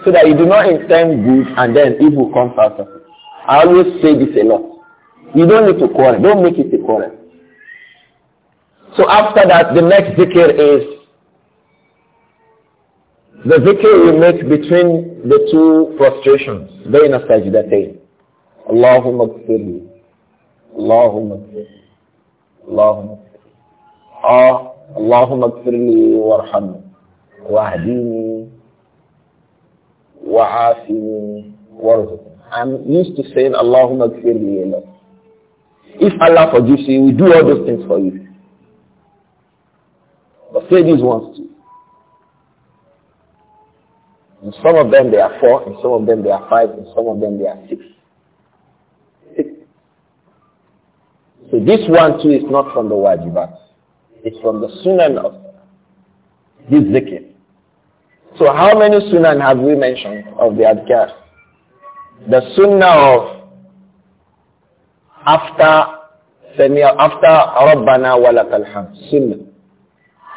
So that you do not intend good and then evil comes out of it. I always say this a lot. You don't need to quarrel. Don't make it a quarrel. So after that, the next zikr is the zikr we make between the two prostrations, بين السجدتين. اللهم اغفر لي. اللهم اغفر لي. اللهم اغفر لي. آه اللهم اغفر لي وارحمني واهديني I'm used to saying اللهم اغفر لي If Allah forgives you, we do all those things for you. Say these ones. In some of them there are four, in some of them there are five, in some of them there are six. <laughs> So this one too is not from the wajibat. It's from the sunan of this zikr. So how many sunan have we mentioned of the adkar? The sunnah of after after Rabbana walakal Sunnah.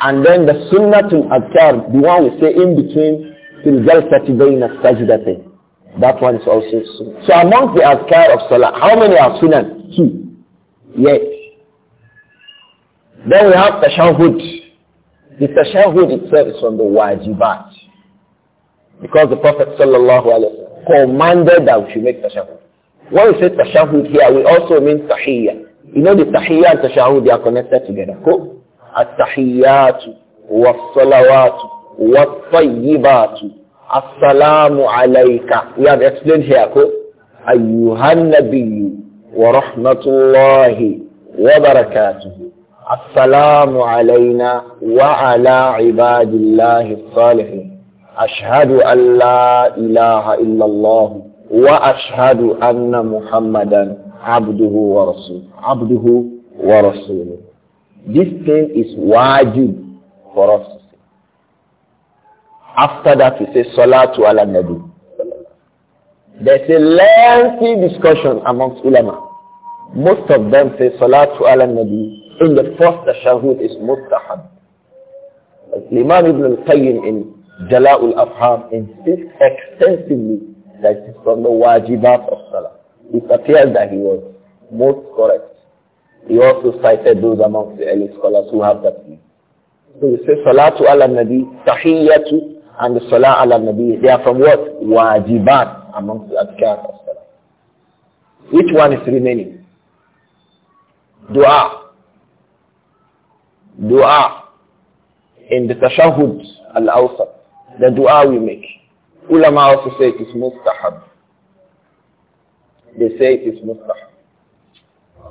And then the to adkar, the one we say in between, till jalsati bayna sajdatay. That one is also sunnah. So among the adkar of salah, how many are sunnah? Two. Yes. Then we have tashahud. The tashahud itself is from the wajibat. Because the Prophet sallallahu alaihi wasallam commanded that we should make tashahud. When we say tashahud here, we also mean tahiyya. You know the tahiyya and tashahud, they are connected together. Cool? التحيات والصلوات والطيبات السلام عليك يا have هيكو أيها النبي ورحمة الله وبركاته السلام علينا وعلى عباد الله الصالحين أشهد أن لا إله إلا الله وأشهد أن محمدا عبده ورسوله عبده ورسوله This thing is wajib for us to say. After that we say salatu ala nabi. There's a lengthy discussion amongst ulama. Most of them say salatu ala nabi. In the first tashahud is mustahab. Imam Ibn al-Qayyim in Jala'ul Afham insists extensively that it's from the wajibat of salah. It appears that he was most correct. He also cited those amongst the early scholars who have that view. So say Salatu ala Nabi, Tahiyyatu, and the Salah ala Nabi, they are from what? Wajibat amongst the Adhkar of Salah. Which one is remaining? Dua. Dua. In the Tashahud al-Awsat, the dua we make. Ulama also say it is mustahab. They say it is mustahab.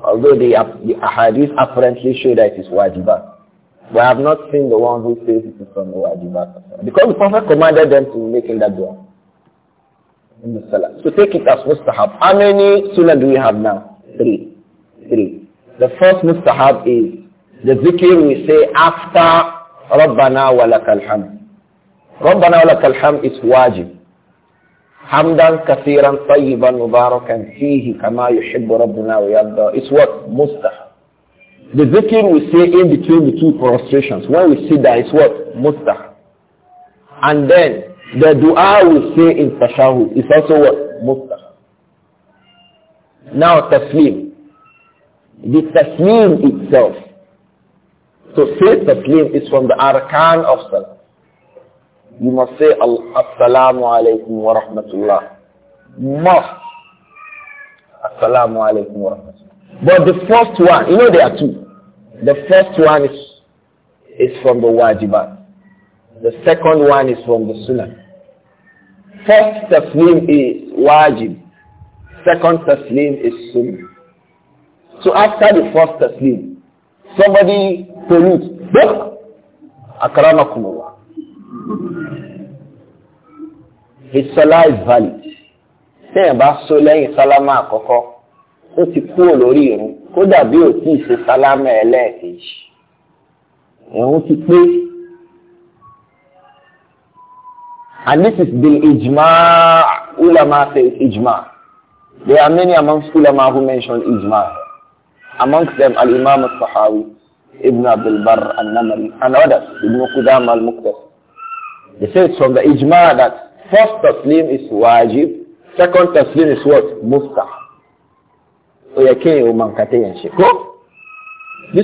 Although the, the hadith apparently show that it is wajibat. We have not seen the one who says it is from the wajibat. Because the Prophet commanded them to make in that dua. In the salah. So take it as mustahab. How many sunnah do we have now? Three. Three. The first mustahab is the zikr we say after Rabbana wa lakal ham. Rabbana wa lakal ham is wajib. Hamdan, حمدا كثيرا طيبا مباركا فيه كما يحب ربنا ويرضى It's what? Mustah. The zikr we say in between the two prostrations, when we see that it's what? Mustah. And then the dua we say in tashahud is also what? Mustah. Now taslim. The taslim itself. So say taslim is from the arkan of salah. You must say, Assalamu alaykum wa rahmatullah. Must. Assalamu alaykum wa rahmatullah. But the first one, you know there are two. The first one is, is from the wajibat. The second one is from the sunnah. First taslim is wajib. Second taslim is sunnah. So after the first taslim, somebody pollutes. Akramakumullah. his salah is valid tẹ́yìn bá so lẹ́yìn sálámà àkọ́kọ́ ó ti kúrò lórí irun kódà bí ò tí ì ṣe sálámà ẹlẹ́ẹ̀kejì irun ti pé and this is bil ijma ulama say ijma there are many amongst ulama who mention ijma amongst them al imam al-sahawi ibn abdul Bar An namari and others ibn qudam al-muqtas they say it's from the ijma that First taslim is wajib. Second taslim is what? Mustah. This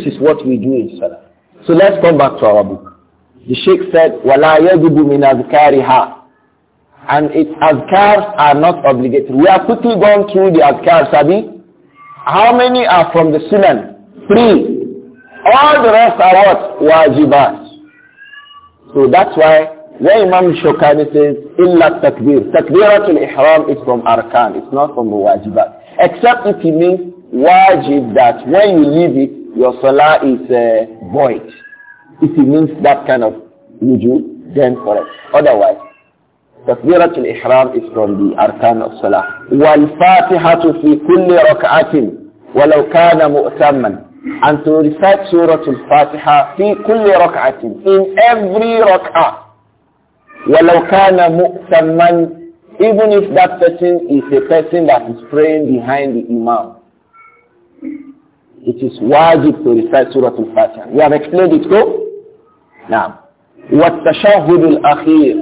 is what we do in Salah. So let's come back to our book. The Sheikh said, وَلَا يَجِبُ مِنْ أَذْكَارِهَا And its azkars are not obligatory. We are quickly going through the azkars, Abi. How many are from the Sunan? Three. All the rest are what? Wajibat. So that's why when Imam Shokani says, Illa takbir, takbiratul ihram is from arkan, it's not from the wajibat. Except if he means wajib that when you leave it, your salah is uh, void. If he means that kind of wujud, then correct. Otherwise, takbiratul ihram is from the arkan of salah. Wal-fatihatu fi kulli rak'atin, walau kana and to recite Surah Al-Fatiha fi kulli rak'atin, in every rak'ah. وَلَوْ كَانَ مُؤْتَمًا Even if that person is a person that is praying behind the imam. It is wajib to recite Surah Al-Fatiha. We have explained it, go? Now. What وَالتَّشَهُدُ akhir?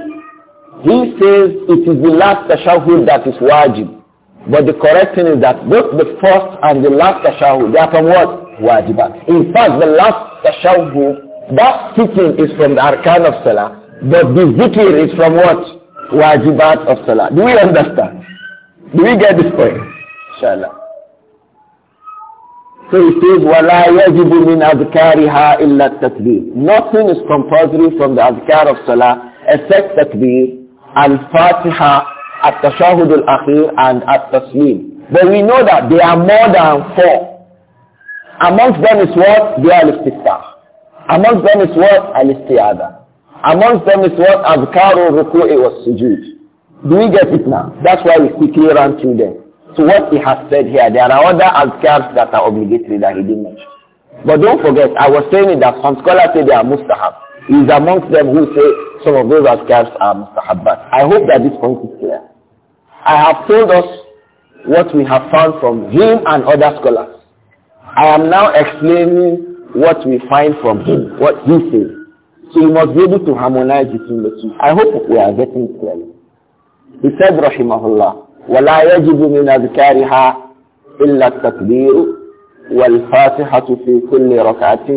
He says it is the last tashahud that is wajib. But the correct thing is that both the first and the last tashahud, they are from what? Wajibat. In fact, the last tashahud, that sitting is from the arkan of salah. But the zikr is from what? Wajibat of Salah. Do we understand? Do we get this point? Inshallah. So he says, وَلَا يَجِبُ مِنْ أَذْكَارِهَا إِلَّا التَّكْبِيرِ Nothing is compulsory from the adhkar of Salah except takbir, al-fatiha, at-tashahud al-akhir, and at-taslim. But we know that there are more than four. Amongst them is what? the al-istiftah. Amongst them is what? Al-istiadah. Amongst them is what Azkaru it was sujood. Do we get it now? That's why we quickly run through them. So what he has said here, there are other azkars that are obligatory that he didn't mention. But don't forget, I was saying that some scholars say they are mustahab. He is amongst them who say some of those azkars are mustahabbat. I hope that this point is clear. I have told us what we have found from him and other scholars. I am now explaining what we find from him, what he says. So you must be able to harmonize between the two. I hope we are getting clear. He said, Rahimahullah, وَلَا يَجِبُ مِنْ أَذْكَارِهَا إِلَّا التَّكْبِيرُ وَالْفَاتِحَةُ فِي كُلِّ رَكْعَةٍ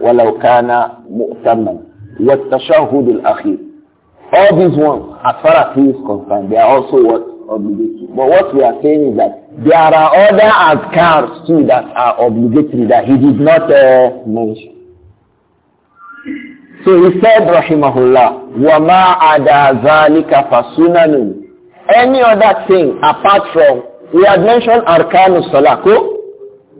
وَلَوْ كَانَ مُؤْتَمًا وَالتَّشَهُدُ الْأَخِيرُ All these ones, as far as he is concerned, they are also what obligatory. But what we are saying is that there are other adhkars too that are obligatory that he did not uh, mention. So he said, Rahimahullah, wama عَدَى ذَلِكَ فَسُنَنُ Any other thing apart from, we had mentioned Arkanu Salako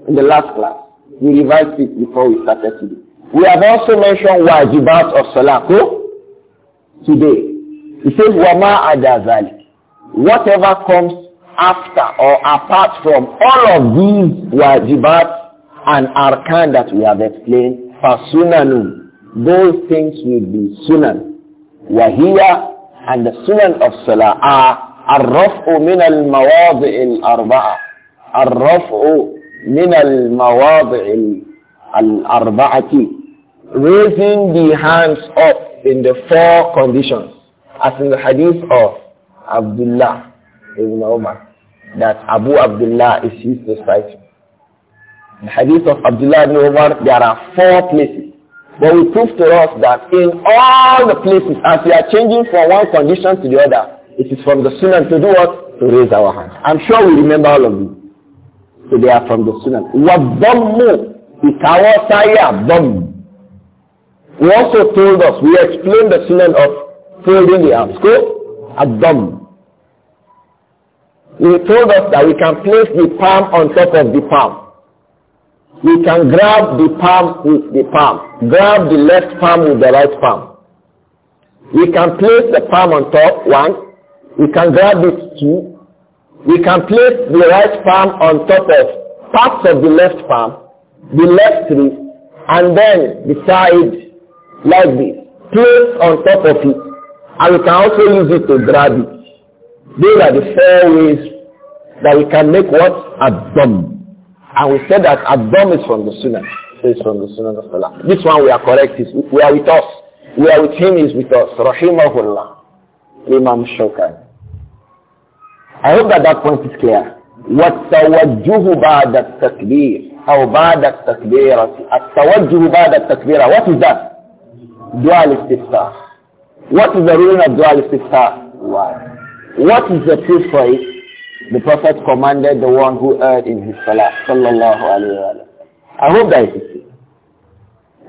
in the last class. We revised it before we started today. We have also mentioned Wajibat of Salako today. He says, wama عَدَى ذَلِكَ Whatever comes after or apart from all of these Wajibat and Arkan that we have explained, فَسُنَنُ those things will be sunan. wahiya, and the sunan of salah are الرفع من المواضع الأربعة الرفع من المواضع الأربعة raising the hands up in the four conditions as in the hadith of Abdullah ibn Umar that Abu Abdullah is used to cite. the hadith of Abdullah ibn Umar there are four places but we prove to us that in all the places, as we are changing from one condition to the other, it is from the sunnah to do what? To raise our hands. I'm sure we remember all of you, So they are from the sunnah. وَالضَّمُّ إِتَوَسَيَا ضَمُّ We also told us, we explained the sunnah of folding the arms. Go, A dhamm He told us that we can place the palm on top of the palm. We can grab the palm with the palm. Grab the left palm with the right palm. We can place the palm on top, one. We can grab it, two. We can place the right palm on top of parts of the left palm, the left wrist, and then the side like this. Place on top of it. And we can also use it to grab it. These are the four ways that we can make what? A bomb. And we said that Adam is from the Sunnah. it's from the Sunnah of Allah. This one we are correct. Is we are with us. We are with him is with us. Rahimahullah. Imam Shokan. I hope that that point is clear. والتوجه بعد التكبير أو بعد التكبيرة التوجه بعد التكبيرة what is that? dual istiftah what is the ruling of dual istiftah? Why? what is the proof for it? The Prophet commanded the one who erred in his salah, sallallahu alayhi wa I hope that it is.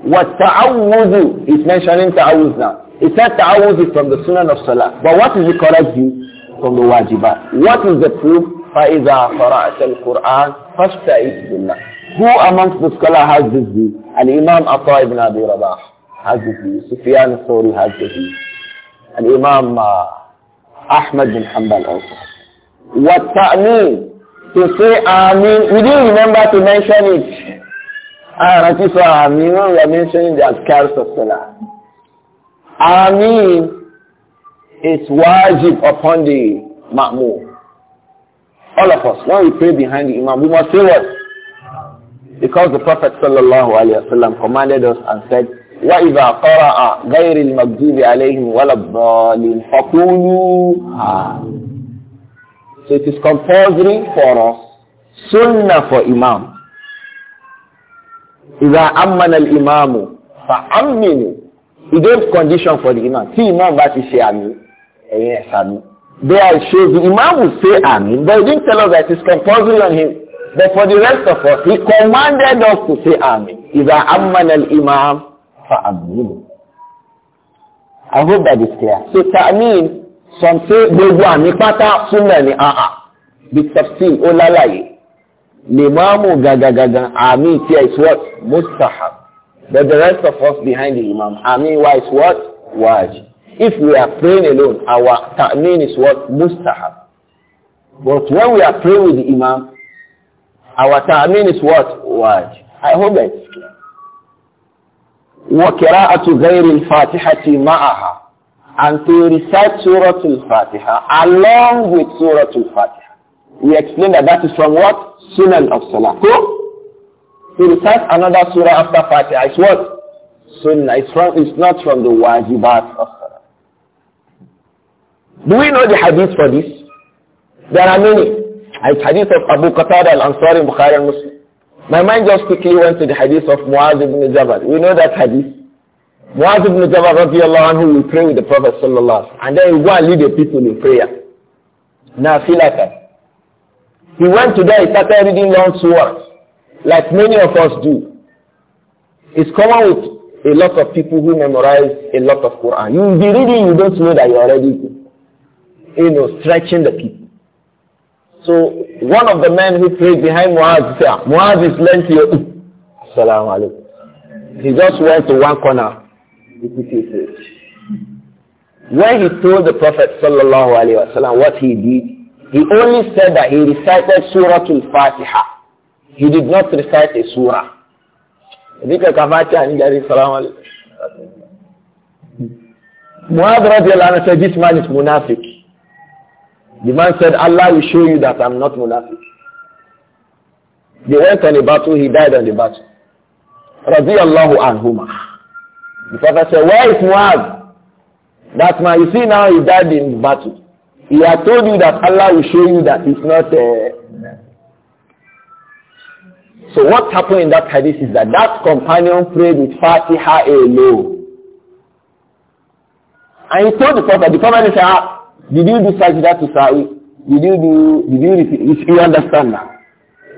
What ta'awudu is mentioning ta'awuz now. It says ta'awuz is from the sunnah of salah. But what is the correct view? From the wajibah? What is the proof? فَإِذَا قَرَأْتَ الْقُرْآنِ فَاسْتَعِذْ بِاللَّهِ Who amongst the scholar has this view? And Imam Atta ibn Abi Rabah has this view. Sufyan al-Thawri has this view. And Imam uh, Ahmad bin Hanbal also. What ta'min? To say Ameen. We didn't remember to mention it. And ah, I saw Ameen when we are mentioning the Azkars of Salah. Ameen is wajib upon the Ma'mur. All of us, when we pray behind the Imam, we must say what? Because the Prophet sallallahu alayhi wasallam commanded us and said, وإذا قرأ غير المغضوب عليهم ولا الضالين فقولوا آمين so it is compulsory for us, sunnah for imam. إذا أمن الإمام فأمنوا He gave condition for the imam. See imam bá ti say amin, yes amin. mi. There it shows the imam will say amin, but he didn't tell us that it's compulsory on him. But for the rest of us, he commanded us to say àmì. إذا أمن الإمام فأمنوا I hope that is clear. So ta'min some say gbogbo àmì pátá súnmọ̀ ní àhà bí tafsir ó lálàyé lè máa mú gàgàgàgà àmì tí ẹ̀ is what mustahab but the rest of us behind the imam àmì wa is what wajib if we are praying alone our ta'min is what mustahab but when we are praying with the imam our ta'min is what wajib i hope that وقراءة غير الفاتحة معها and to recite Surah Al-Fatiha along with Surah Al-Fatiha. We explained that that is from what? Sunan of Salah. Cool? To recite another Surah after Fatiha is what? Sunnah. It's, from, it's not from the wajibat of Salah. Do we know the hadith for this? There are many. It's hadith of Abu Qatada al-Ansari Bukhari and Muslim. My mind just quickly went to the hadith of Muaz ibn Jabal. We know that hadith. Muaz ibn Jabal radiallahu anhu will pray with the Prophet sallallahu and then he go and lead the people in prayer. Now feel like that. He went to there, he started reading long words, like many of us do. It's common with a lot of people who memorize a lot of Quran. You will be reading, you don't know that you're already, you know, stretching the people. So one of the men who prayed behind Muaz said, Muaz is lengthy. <laughs> Assalamu alaikum. He just went to one corner when he told the Prophet sallallahu alaihi wasallam what he did, he only said that he recited Surah Al-Fatiha. He did not recite a surah. Muad radiallahu said, this man is munafiq. The man said, Allah will show you that I'm not munafiq. They went on a battle, he died on the battle. Radiallahu anhumah. The father said, where is Moab? That man, you see now he died in battle. He had told you that Allah will show you that it's not a... Uh, so what happened in that hadith is that that companion prayed with Fatiha alone. And he told the Prophet, the Prophet said, ah, did you do sajda to Sa'i? Did you do, did you If you understand now,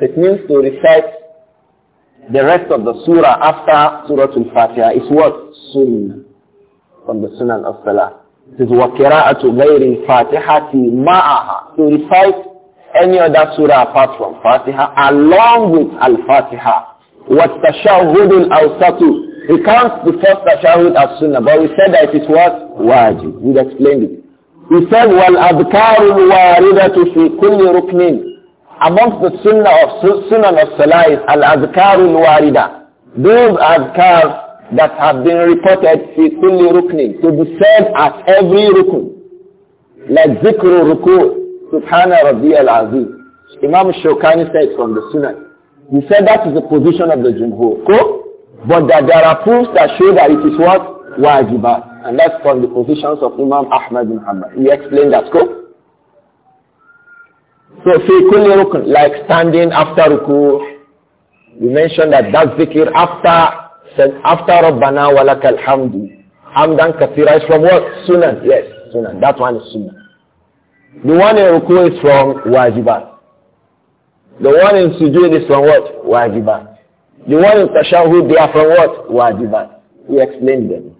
it means to recite the rest of the surah after Surah Al-Fatiha is what? Sunnah. From the Sunnah of Salah. It is وَقِرَاءَةُ غَيْرِ الْفَاتِحَةِ مَعَهَا To recite any other surah apart from Fatiha along with Al-Fatiha. al الْأَوْسَطُ we count the first tashahud as sunnah, but we said that it was wajib. We explained it. We said, وَالْأَذْكَارُ الْوَارِدَةُ fi kulli رُكْنٍ amongst the sunnah of sunnah of salah is al-azkarul warida. Those azkar that have been reported fi kulli ruknin, to be said at every rukn. Like zikru ruku, subhana rabbi al-azim. Imam Shokani said from the sunnah. He said that is the position of the jumhur. But that there are proofs that show that it is what? Wajibat. And that's from the positions of Imam Ahmad bin Hanbal. He explained that. Go. So في كل ركن like standing after ruku, we mentioned that that zikir after after ربنا ولك الحمد حمدا كثيرا is from what? Sunan, yes, Sunan. That one is Sunan. The one in ruku is from wajibat. The one in sujood is from what? Wajibat. The one in tashahud they are from what? Wajibat. We explained them.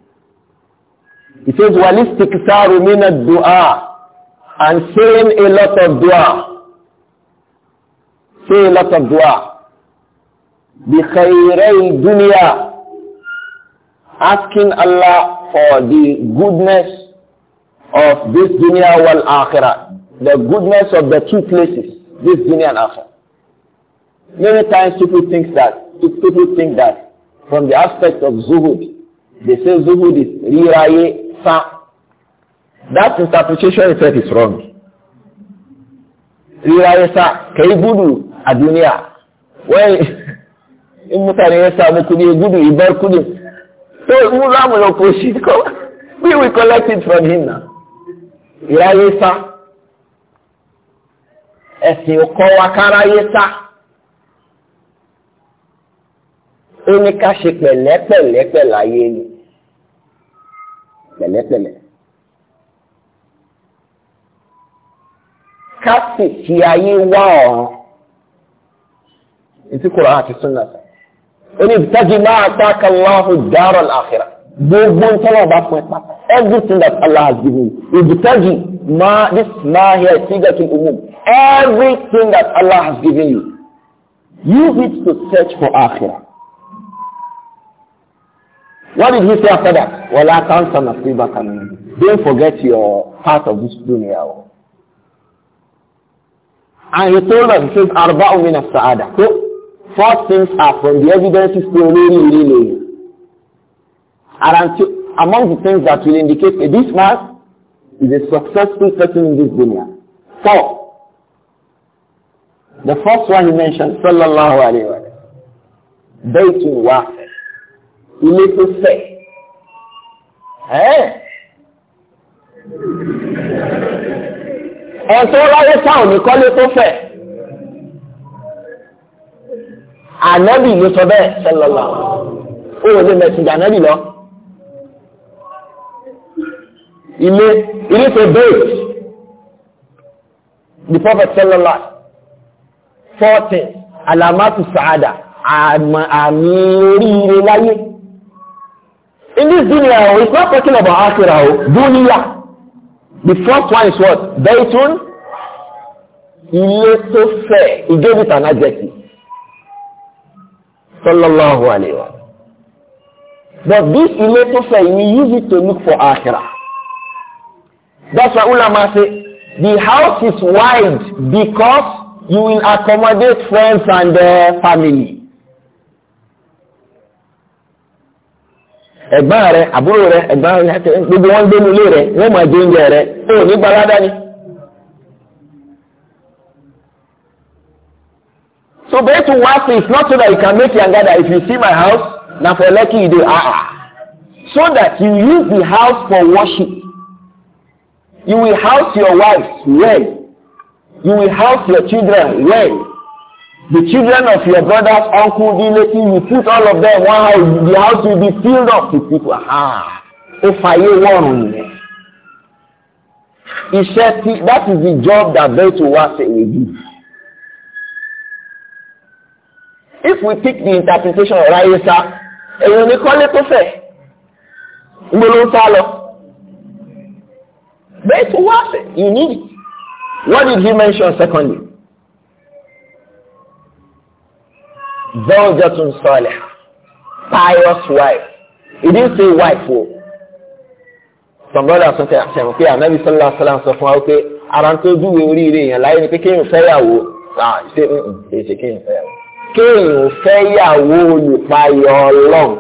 He says walistiksaru min dua and saying a lot of dua Say a lot of dua. بِخَيْرَيْ dunya. Asking Allah for the goodness of this dunya wal akhirah. The goodness of the two places, this dunya and akhirah. Many times people think that, people think that from the aspect of zuhud, they say zuhud is riraye sa. That interpretation itself is wrong. Riraye sa, kaibudu, a duniya wai <laughs> in mutane ya samu kudi gudu ibar kudin so mu za mu shi <laughs> ko we will collect it from him now ìrà yé sá ẹ̀sìn ọkọ kára yé sá ó ní ká ṣe pẹ̀lẹ́pẹ̀lẹ́pẹ̀ láyé ni pẹ̀lẹ́pẹ̀lẹ́ ká sì fi ayé wá etí kura àti sunna sọ oní tajima ataka allahu dara al-akhirah gbogbo ntọ́lọ̀ bá fún ẹ pa everything that allah has given you ìbùtájì máa this máa here sígá tún umum everything that allah has given you use it to search for akhirah. What did he say after that? Well, I can't stand a back and don't forget your part of this dunya. Oh. And he told us, he says, Arba'u min as-sa'ada. So, four things are from the evidences pé olórí ilé lòyìn and among the things that will indicate that this man is a successful person in this dunya four the first one he mentioned sallallahu alayhi wa sallam baitu wa ilé tó fẹ̀ ẹ̀ tó ráyé sáwọn nìkan lé tó fẹ̀. ànábì ló sọ bẹ́ẹ̀ sẹlọlọ ó wọlé mẹsìgì ànábì lọ ilé ilé tó bẹ́ẹ̀ the prophet sẹlọlọ fourteen alamatu saada àmì oríire láyé in this dunya o it's not talking about akira o dunya the first one is what beitun ilé tó fẹ̀ he gave it an adjective sallallahu alayhi wa but this related faith we use it to look for akhirah that's why ulama say the house is wide because you will accommodate friends and uh, family ẹ̀gbọ́n rẹ àbúrò rẹ ẹ̀gbọ́n rẹ gbogbo wọn gbénu ilé rẹ wọn máa jẹ oúnjẹ rẹ ó nígbà ládàá ni. So Baitul Waqf is not so that you can make that If you see my house, now for lucky you do ah, ah. So that you use the house for worship. You will house your wife well. You will house your children well. The children of your brothers, uncle, relative, you put all of them one house, the house will be filled up with people. Ah, if I warn you. He said, that is the job that beto Waqf will do. if we pick the interpretation ọ̀rọ̀ ayé sá èèyàn ní kọ́lé tó fẹ̀ gbólóhùn sá lọ. bẹ́ẹ̀ tó wá fẹ̀ you need it. what did he mention secondly? zawjatun salih pious wife he didn't say wife o. Oh. some brothers tún fẹ́ àṣẹ mọ̀ pé ànábi sọ́lá sọ́lá sọ fún wa pé ara tó dúwe oríire èèyàn láyé ni pé kéèyàn fẹ́yàwó ah, ṣe kéèyàn fẹ́yàwó kéèyàn fẹ́yàwó olùpayọ̀ ọlọ́run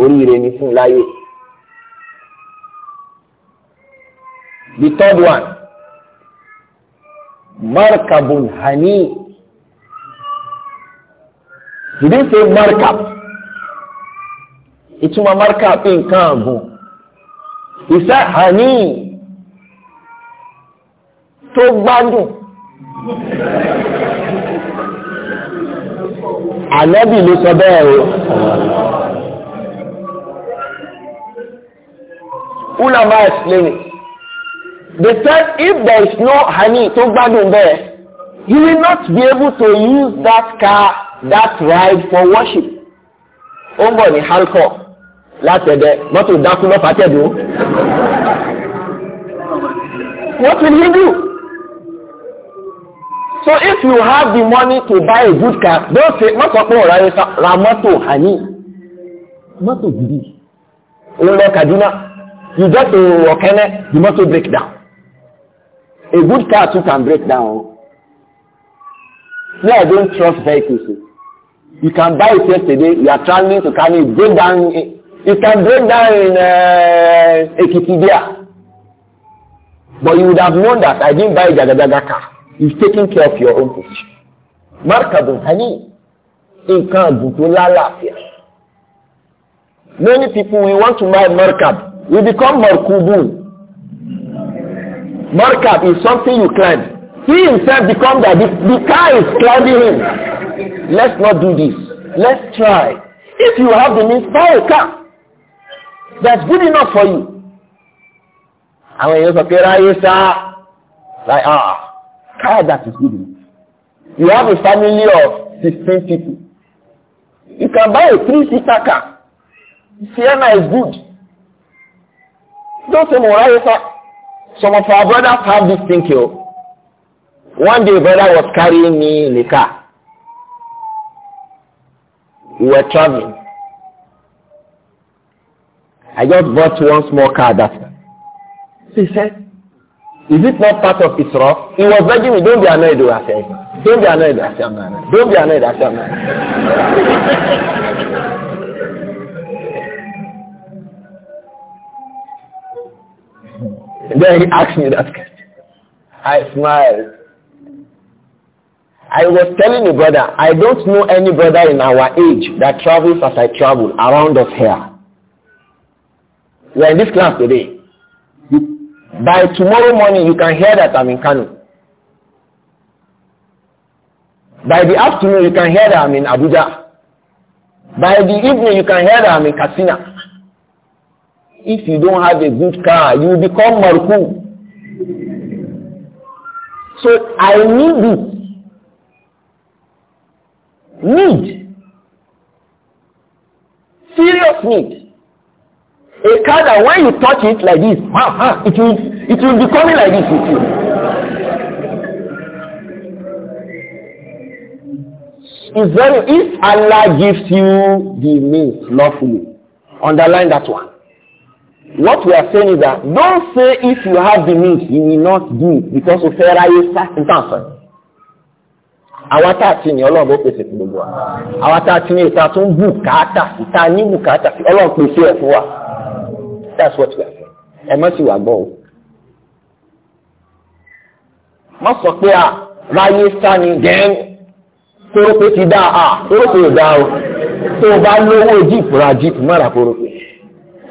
oríire ni fún láyé. the third one markabun hani he didn't say markab ìtumọ̀ markab nǹkan àgùn ìṣe hani tó gbádùn ànábì ló sọ bẹ́ẹ̀ o. ulama explain it they said if there is no honey tó gbádùn bẹ́ẹ̀ he will not be able to use that car that ride for worship. ó ń bọ̀ ní halkọ́ látẹ̀dẹ̀ mọ́tò dákú lọ́fà tẹ̀dún. what will he do? So if you have the money to buy a good car, don't say, má sọ pé ọ̀rọ̀ ayé ra mọ́tò hàní. Mọ́tò gidi. lọ Kaduna. You just to Okene, the motor break down. A good car too can break down. No, I don't trust vehicles. You can buy it yesterday, you are traveling to Kano, it break down, it can break down in uh, Ekiti there. But you would have known that I didn't buy a Jagajaga car. You've taken care of your own position. Markabun Hani, nǹkan Many people we want to marry Markab, we become Markubu. Markab is something you climb. He himself becomes that the, the car is climbing
him.
Let's not do this. Let's try. If you have the means, buy a car. That's good enough for you. àwọn èèyàn sọ pé ráyé say like ah car that is good enough. You have a family of 16 people. You can buy a three-seater car. Sienna is good. Don't say Morales. Some of our brothers have this thing here. One day brother was carrying me in the car. We were traveling. I just bought one small car that time. he said, Is it not part of Israf? He was begging me, don't be annoyed, I oh, said. Don't be annoyed, I said, man. Don't be annoyed, I said, man. then he asked me that question. I smiled. I was telling you, brother, I don't know any brother in our age that travels as I travel around us here. We are in this class today. By tomorrow morning, you can hear that I'm in Kano. By the afternoon, you can hear that I'm in Abuja. By the evening, you can hear that I'm in Katsina. If you don't have a good car, you will become Marku. So I need it. Need. Serious need. A car that when you touch it like this, it will it will be coming like this with you. It's very if Allah gives you the means lawfully, underline that one. What we are saying is that don't say if you have the means you will not do because o fẹ́ ráyé sáfìtàfẹ́. Àwa tá a ti ní ọlọ́run ló pèsè fún gbogbo wa. Àwa tá a ti ní ìta tó ń bùkátà ìta ní bùkátà ọlọ́run pèsè ẹ̀ fún wa. That's what we are saying. Ẹ má sì wà gbọ́ o. Má sọ pé à ráyé sáni gẹ́ẹ́n kórópé ti dá a kórópé ò dá o. Tó o bá lówó jíìpù ra jíìpù má ra kórópé.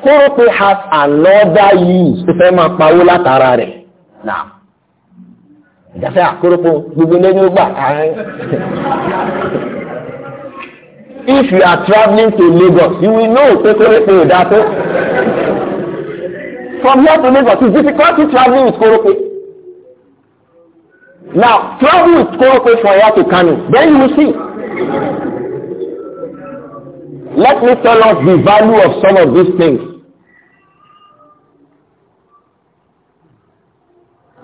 Kórópé has another use tó fẹ́ máa pawó látara rẹ̀. Náà ìjàfẹ́ àkórópó gbogbo lẹ́yìn ó gbà If you are travelling to Lagos, you will know pé kórópé ò dá tó. From here to Lagos, it's difficulty traveling with Korope. Now, travel with Korope from here to Kano. Then you will see. Let me tell us the value of some of these things.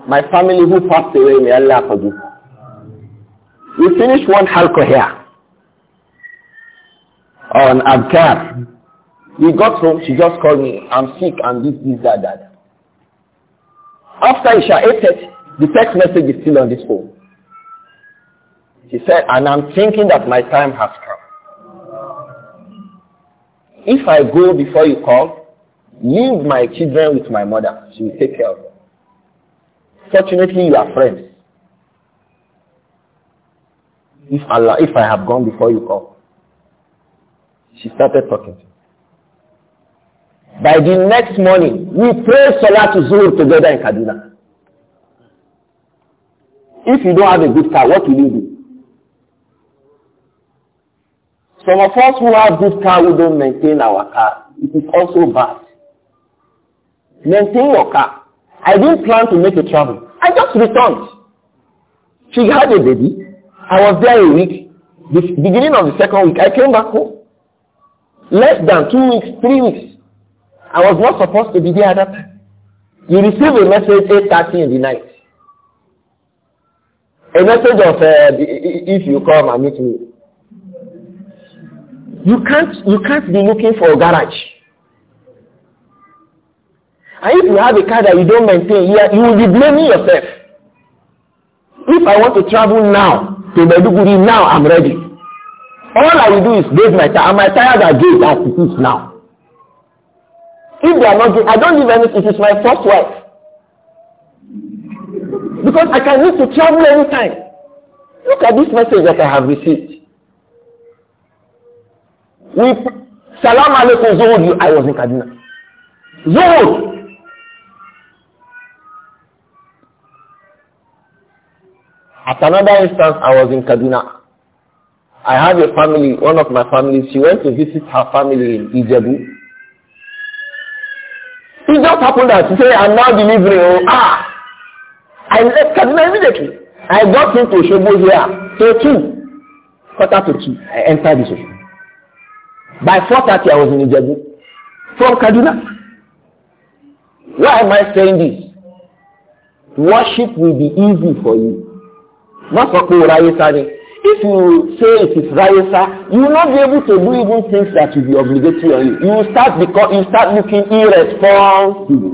my family who passed away, may Allah forgive. We finish one halko here on Abkar. We got home, she just called me, I'm sick and this, this, that, that. After Isha ate it, the text message is still on this phone. She said, and I'm thinking that my time has come. If I go before you call, leave my children with my mother. She will take care of them. Fortunately, you are friends. If Allah, if I have gone before you call. She started talking to me. By the next morning, we pray Salah to Zuhr together in Kaduna. If you don't have a good car, what will you do? Some of us who have good car, we don't maintain our car. It is also bad. Maintain your car. I didn't plan to make a travel. I just returned. She had a baby. I was there a week. The beginning of the second week, I came back home. Less than two weeks, three weeks. I was not supposed to be there at that time. You receive a message 8.30 in the night. A message of, uh, if you come and meet me. You can't, you can't be looking for a garage. And if you have a car that you don't maintain, you will be blaming yourself. If I want to travel now to Maiduguri, now I'm ready. All I will do is date my tire, and my tires are gave as it is now. If they are not doing, I don't leave anything. It is my first wife. Because I can need to travel anytime. Look at this message that I have received. We, salam alaikum Zuhud, I was in Kaduna. Zuhud, At another instance, I was in Kaduna. I had a family, one of my families, she went to visit her family in Ijebu just happened that he said, I'm now delivering. Oh, ah! I left Kaduna immediately. I got into Oshobo here. So two. Quarter to two. I entered this Oshobo. By 4.30, I was in Ijebu. From Kaduna. Why am I saying this? Worship will be easy for you. Not for Kurayi Sani. If you say it is Raisa, you will not be able to do even things that will be obligatory on you. You will start because you start looking irresponsible.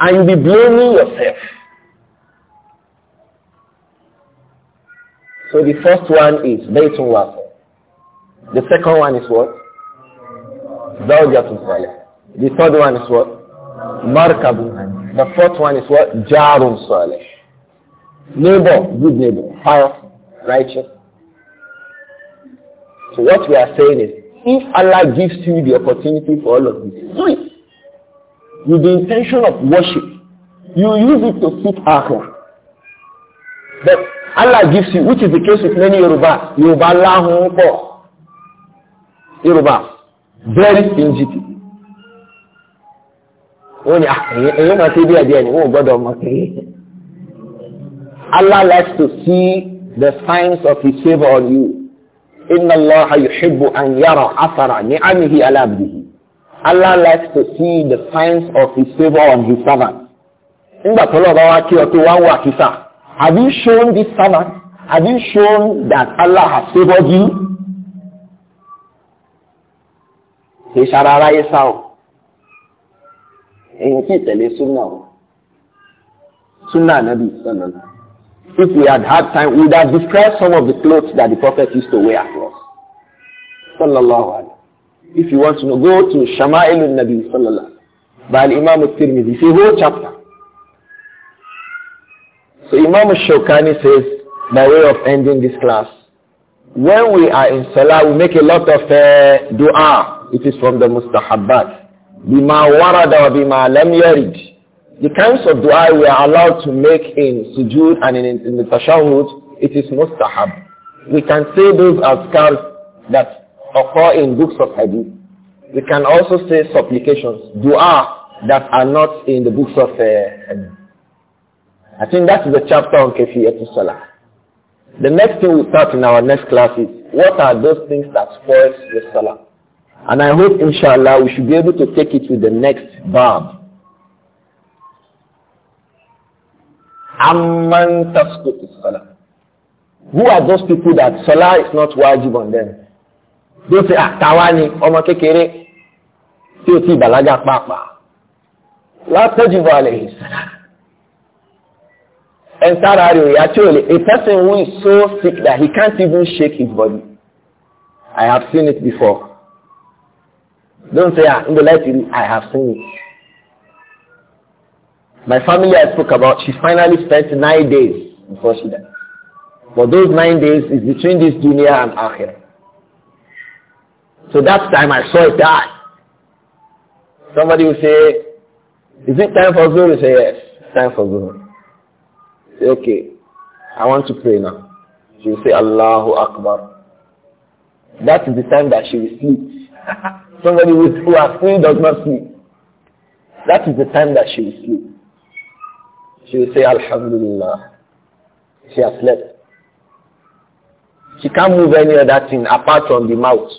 And you'll be blaming yourself. So the first one is Baytun Wasa. The second one is what? Zawjatun The third one is what? Markabun. The fourth one is what? Jarun Salih. Neighbor, good neighbor, pious, righteous. So what we are saying is, if Allah gives you the opportunity for all of this, do it. With the intention of worship, you use it to seek Akhirah. But Allah gives you, which is the case with many Yoruba, Yoruba lahun po. Yoruba, very stingy people. Wọ́n ni, ah, ẹ̀yẹ́ máa ṣe bí ẹ̀jẹ̀ ni, wọ́n gbọ́dọ̀ máa ṣe é. Allah likes to see the signs of his favor on you. Inna Allah yuhibbu an yara asara ni'amihi ala abdihi. Allah likes to see the signs of his favor on his servant. Nígbà tó lọ́ba wá kí ọ wá wà kísà. Have you shown this servant? Have you shown that Allah has favored you? Ṣé ṣara aráyé sá o? Èyí tí ìtẹ̀lé súnà o. Súnà ànábì sọ̀nà náà. if we had had time, we would have described some of the clothes that the Prophet used to wear for us. Sallallahu If you want to know, go to Shama'il al Nabi sallallahu by Imam al-Tirmidhi. See whole chapter. So Imam al-Shawkani says, by way of ending this class, when we are in Salah, we make a lot of uh, dua. It is from the mustahabbat. بما ورد وبما لم يرد the kinds of dua we are allowed to make in sujood and in, in the tashahud, it is mustahab. We can say those azkars that occur in books of hadith. We can also say supplications, dua that are not in the books of uh, hadith. Uh, I think that's the chapter on kafiyatul salah. The next thing we start in our next class is what are those things that spoils the salah. And I hope inshallah we should be able to take it with the next verb. amman tasqutu salah. Who are those people that salah is not wajib on them? Don't say, ah, tawani, ọmọ kékeré, tí o ti bàlágà pàápàá. Látọ́jú bọ́ àlẹ́ yìí salah. And Sarah actually, a person who is so sick that he can't even shake his body. I have seen it before. Don't say, ah, in the light, I have seen it. My family I spoke about, she finally spent nine days before she died. But those nine days is between this dunya and akhirah. So that time I saw it die. Ah. Somebody will say, is it time for Zuhr? You say, yes, time for Zuhr. Say, okay, I want to pray now. She will say, Allahu Akbar. That is the time that she will sleep. <laughs> Somebody who has sleep does not sleep. That is the time that she will sleep. She will say, Alhamdulillah. She has slept. She can't move any other thing apart from the mouth.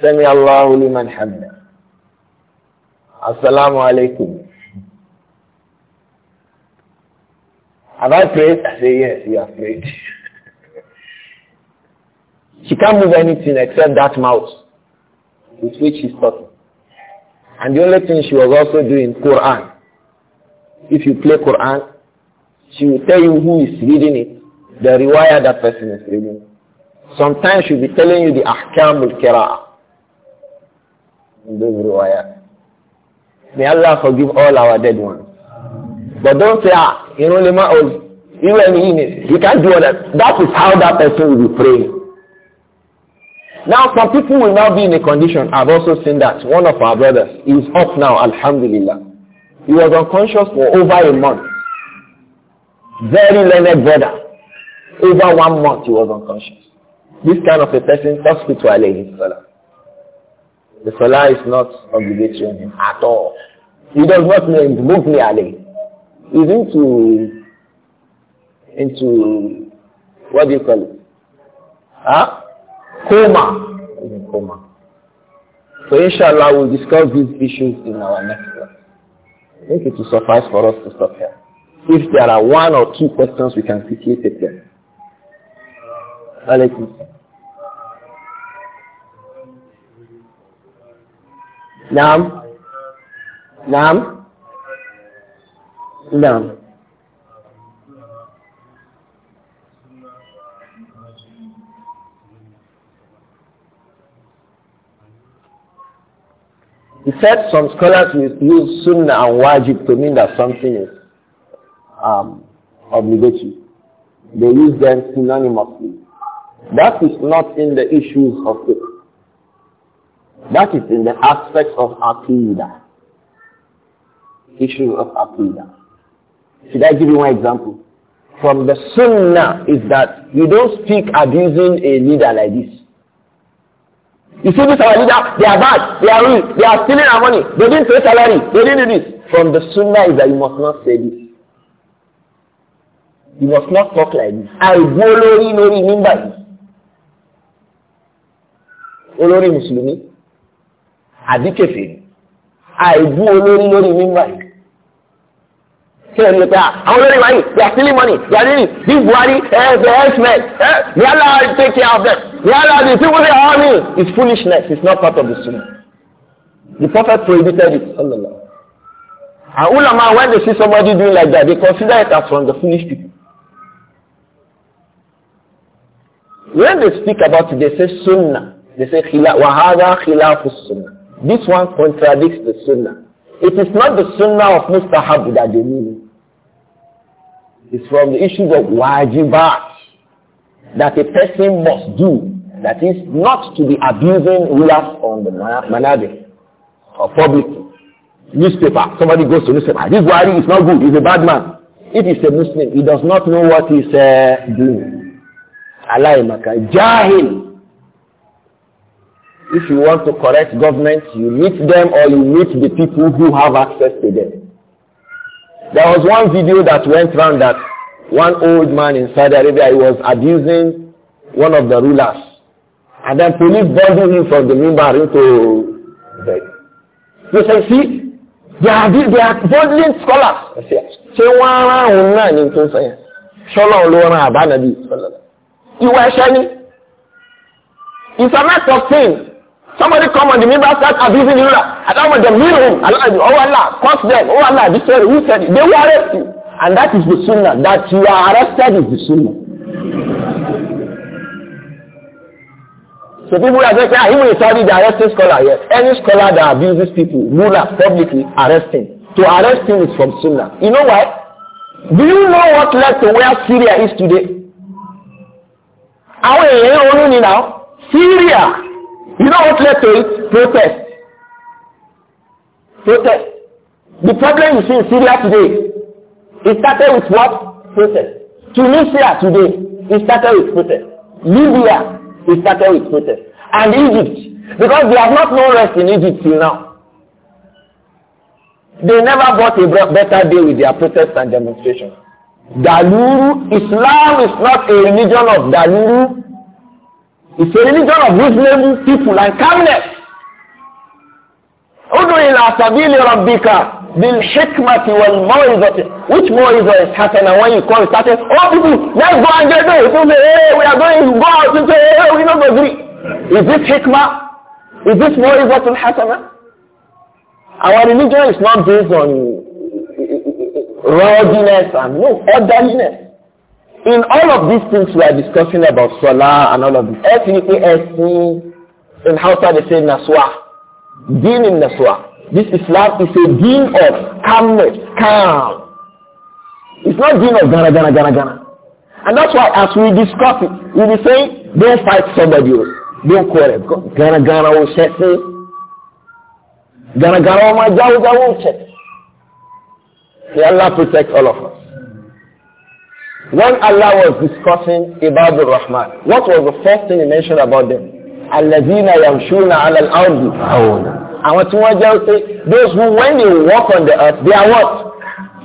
Sami Allahu liman hamda. Assalamu alaikum. Have I prayed? I say, yes, you have prayed. <laughs> she can't move anything except that mouth with which she's talking. And the only thing she was also doing, Quran. If you play Quran, she will tell you who is reading it, the riwayah that person is reading. Sometimes she'll be telling you the ahkam al-kira'ah. Those May Allah forgive all our dead ones. But don't say, ah, you know, Lima oh, even in it, you can't do that. That is how that person will be praying. Now some people will now be in a condition, I've also seen that, one of our brothers is up now, alhamdulillah. He was unconscious for over a month. Very learned brother. Over one month he was unconscious. This kind of a person, Allah his salah. The salah is not obligatory on him at all. He does not move me Allah. He's into, into, what do you call it? Huh? coma is in coma. So inshallah we'll discuss these issues in our next class. I think it will suffice for us to stop here. If there are one or two questions, we can quickly take them. Alaykum. Nam. Nam. Nam. He said some scholars use sunnah and wajib to mean that something is um, obligatory. They use them synonymously. That is not in the issues of it. That is in the aspects of aqidah. Issues of aqidah. Should I give you one example? From the sunnah is that you don't speak abusing a leader like this. You see this our leader, they are bad, they are rude, they are stealing our money, they didn't pay salary, they didn't do this. From the sunnah is that you must not say this. You must not talk like this. I olórí lórí remember. yìí. Olórí Mùsùlùmí àbí kèfèrí. Àìbú olórí lórí nígbà yìí. Kílẹ̀ ní pé àwọn olórí wáyé, they are stealing money, they are doing this, this Buhari, ẹ̀ ẹ̀ ẹ̀ ẹ̀ ẹ̀ ẹ̀ ẹ̀ ẹ̀ ẹ̀ ẹ̀ ẹ̀ ẹ̀ Whereas the people say, oh, me, it's foolishness. It's not part of the sunnah. The Prophet prohibited it. Allah. And ulama, when they see somebody doing like that, they consider it as from the foolish people. When they speak about it, they say sunnah. They say wahada khilafu sunnah. This one contradicts the sunnah. It is not the sunnah of mustahab that they mean. It's from the issue of wajibat that a person must do that is not to be abusing rulers on the manabi or public newspaper. Somebody goes to newspaper. This Buhari is not good. He's a bad man. If he's a Muslim, he does not know what he's uh, doing. Allah maka jahil. If you want to correct government, you meet them or you meet the people who have access to them. There was one video that went around that one old man in Saudi Arabia he was abusing one of the rulers And then police bundle him from the member into bed. You can see, they are, they are bundling scholars. Ṣé wọ́n ara òun náà ní tó sẹ́yìn? Ṣọ́lá òun ló ran àbánàbí ìsọ̀lọ́lá. Ìwà ẹ̀ṣẹ̀ ni. It's a matter of sin. Somebody come on the member start abusing you. ruler. Adamu dem heal him. Oh Allah, curse them. Oh Allah, this who said it? They will arrest you. And that is the sunnah. That you are arrested is the sunnah. So people are just saying, ah, even in Saudi, they arresting scholar Yes, Any scholar that abuses people, ruler, publicly, arresting. To arrest him is from Sunnah. You know why? Do you know what led to where Syria is today? Àwọn èèyàn ronú ni now. Syria. You know what led to it? Protest. Protest. The problem you see in Syria today, it started with what? Protest. Tunisia today, it started with protest. Libya, We started with protest. And Egypt, because they have not known rest in Egypt till now. They never got a better day with their protest and demonstration. Daluru, Islam is not a religion of Daluru. It's a religion of reasonable people and calmness. ادعي الى سبيل ربك بالحكمة والموعظة which موعظة is happening when you call it started oh people let's go and get there people say hey eh, we are going to go out and say hey eh, we don't agree is this hikma? is this موعظة الحسنة our religion is not based on rawdiness and no orderliness in all of these things we are discussing about salah and all of this, F-E-A-S-C, in Hausa they say Naswa, Din in Naswa. This Islam is a deen of calmness, calm. It's not deen of gana, gana, gana, gana. And that's why as we discuss it, we be saying, don't fight somebody else. Oh. Don't quarrel. Gana, gana, will set it. Gana, gana, oh, my jawu, jawu, set May Allah protect all of us. When Allah was discussing Ibadur Rahman, what was the first thing he mentioned about them? الَّذِينَ يَمْشُونَ عَلَى al أَوْنَا àwọn tí wọ́n jẹ́ pé those who when they walk on the earth they are what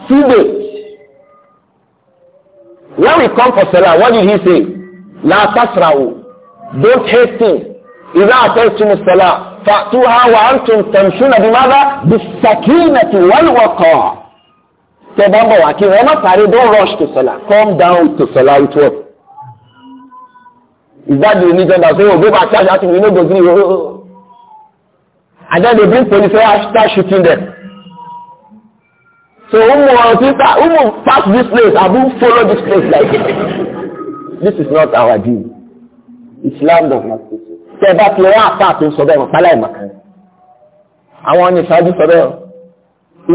sídè when we come for salah what did he say la tasrawo don't hasten ìlà àtẹ̀tùmù salah fàtúhà wà antum tamshuna bimada bisakinati wal waqa tẹ bá ń bọ̀ wá kí wọ́n má parí don't rush to salah come down to salah with work. is that the religion that say oh go back church as we no go gree oh. And then they bring police and start shooting them. So who will pass this place, will follow this place like <laughs> this is not our deal. Islam does not teach it. Tẹ̀bá ti wá àpáàtì sọ̀bẹ̀ ìmọ̀pálá ìmọ̀kan. Àwọn ní ìṣáájú sọ̀bẹ̀ ọ̀.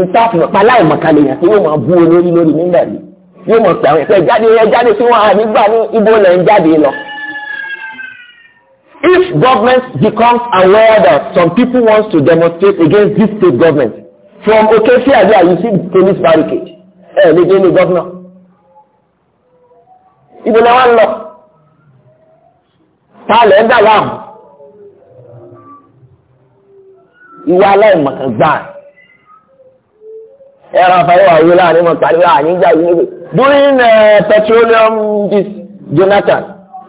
Ìta ìmọ̀pálá ìmọ̀kan lè yàn tí yóò máa bú olórí lórí nígbà yìí. Yóò máa pè àwọn ìfẹ́ jáde ẹ jáde sí wọn ànígbà ní ibo lẹ̀ ń jáde lọ. If government becomes aware that some people want to demonstrate against this state government, from okay Okefiade you see police barricade. Ẹ eh, lè dé ní gọ́vnà. Ibo ni wọ́n lọ? Ta lẹ̀ ń dà láàmú? Ìwà aláìmọ̀kan gbáà. Ẹ̀rọ afẹ́wà wí láàrin mọ̀ pàdé láàrin ìjà yìí. During eh, petroleum this Jonathan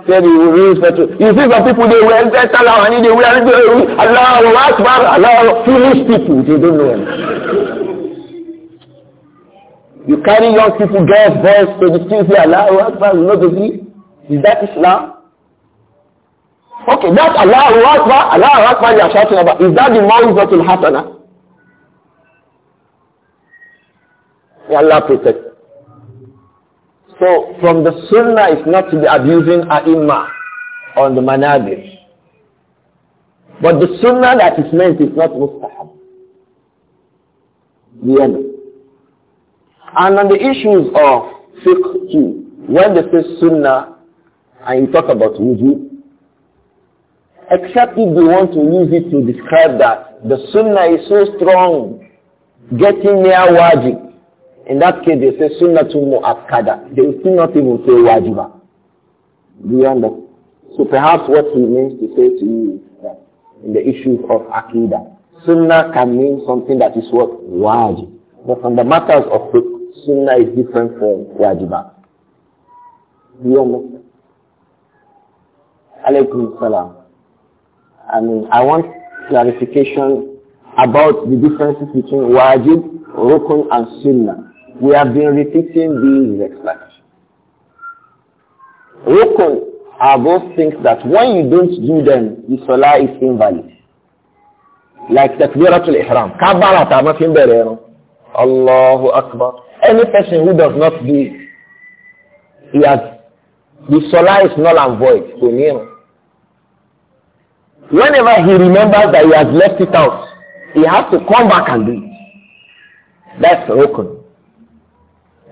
said he will You see some people, they will enter Allah and they will enter Allah, Allah, Akbar, Allah, foolish people, they don't know You carry young people, girls, boys, so they still say Allah, Akbar, you know the Is that Islam? Okay, that Allah, Akbar, Allah, Akbar, you are shouting about. Is that the Mawzatul Hasana? May Allah protect So from the sunnah is not to be abusing ai on the manabir. But the sunnah that is meant is not mustahab. The end. And on the issues of fiqh too, when they say sunnah and you talk about wudu, except if they want to use it to describe that the sunnah is so strong, getting near wajib, in that case, they say sunnatul mu'akkada. They will still not even say wajiba. Beyond that, So perhaps what he means to say to you is that in the issues of akida, sunnah can mean something that is what? Wajib. But on the matters of the sunnah is different from wajiba. Do you understand? Alaykum salam. I mean, I want clarification about the differences between wajib, rukun, and sunnah. We have been repeating these explanations. Rukun are those things that when you don't do them, the salah is invalid. Like takbiratul ihram. Kabbarat are not in there. Allahu Akbar. Any person who does not do it, he has, the salah is null and void. So, you know, whenever he remembers that he has left it out, he has to come back and do it. That's rukun.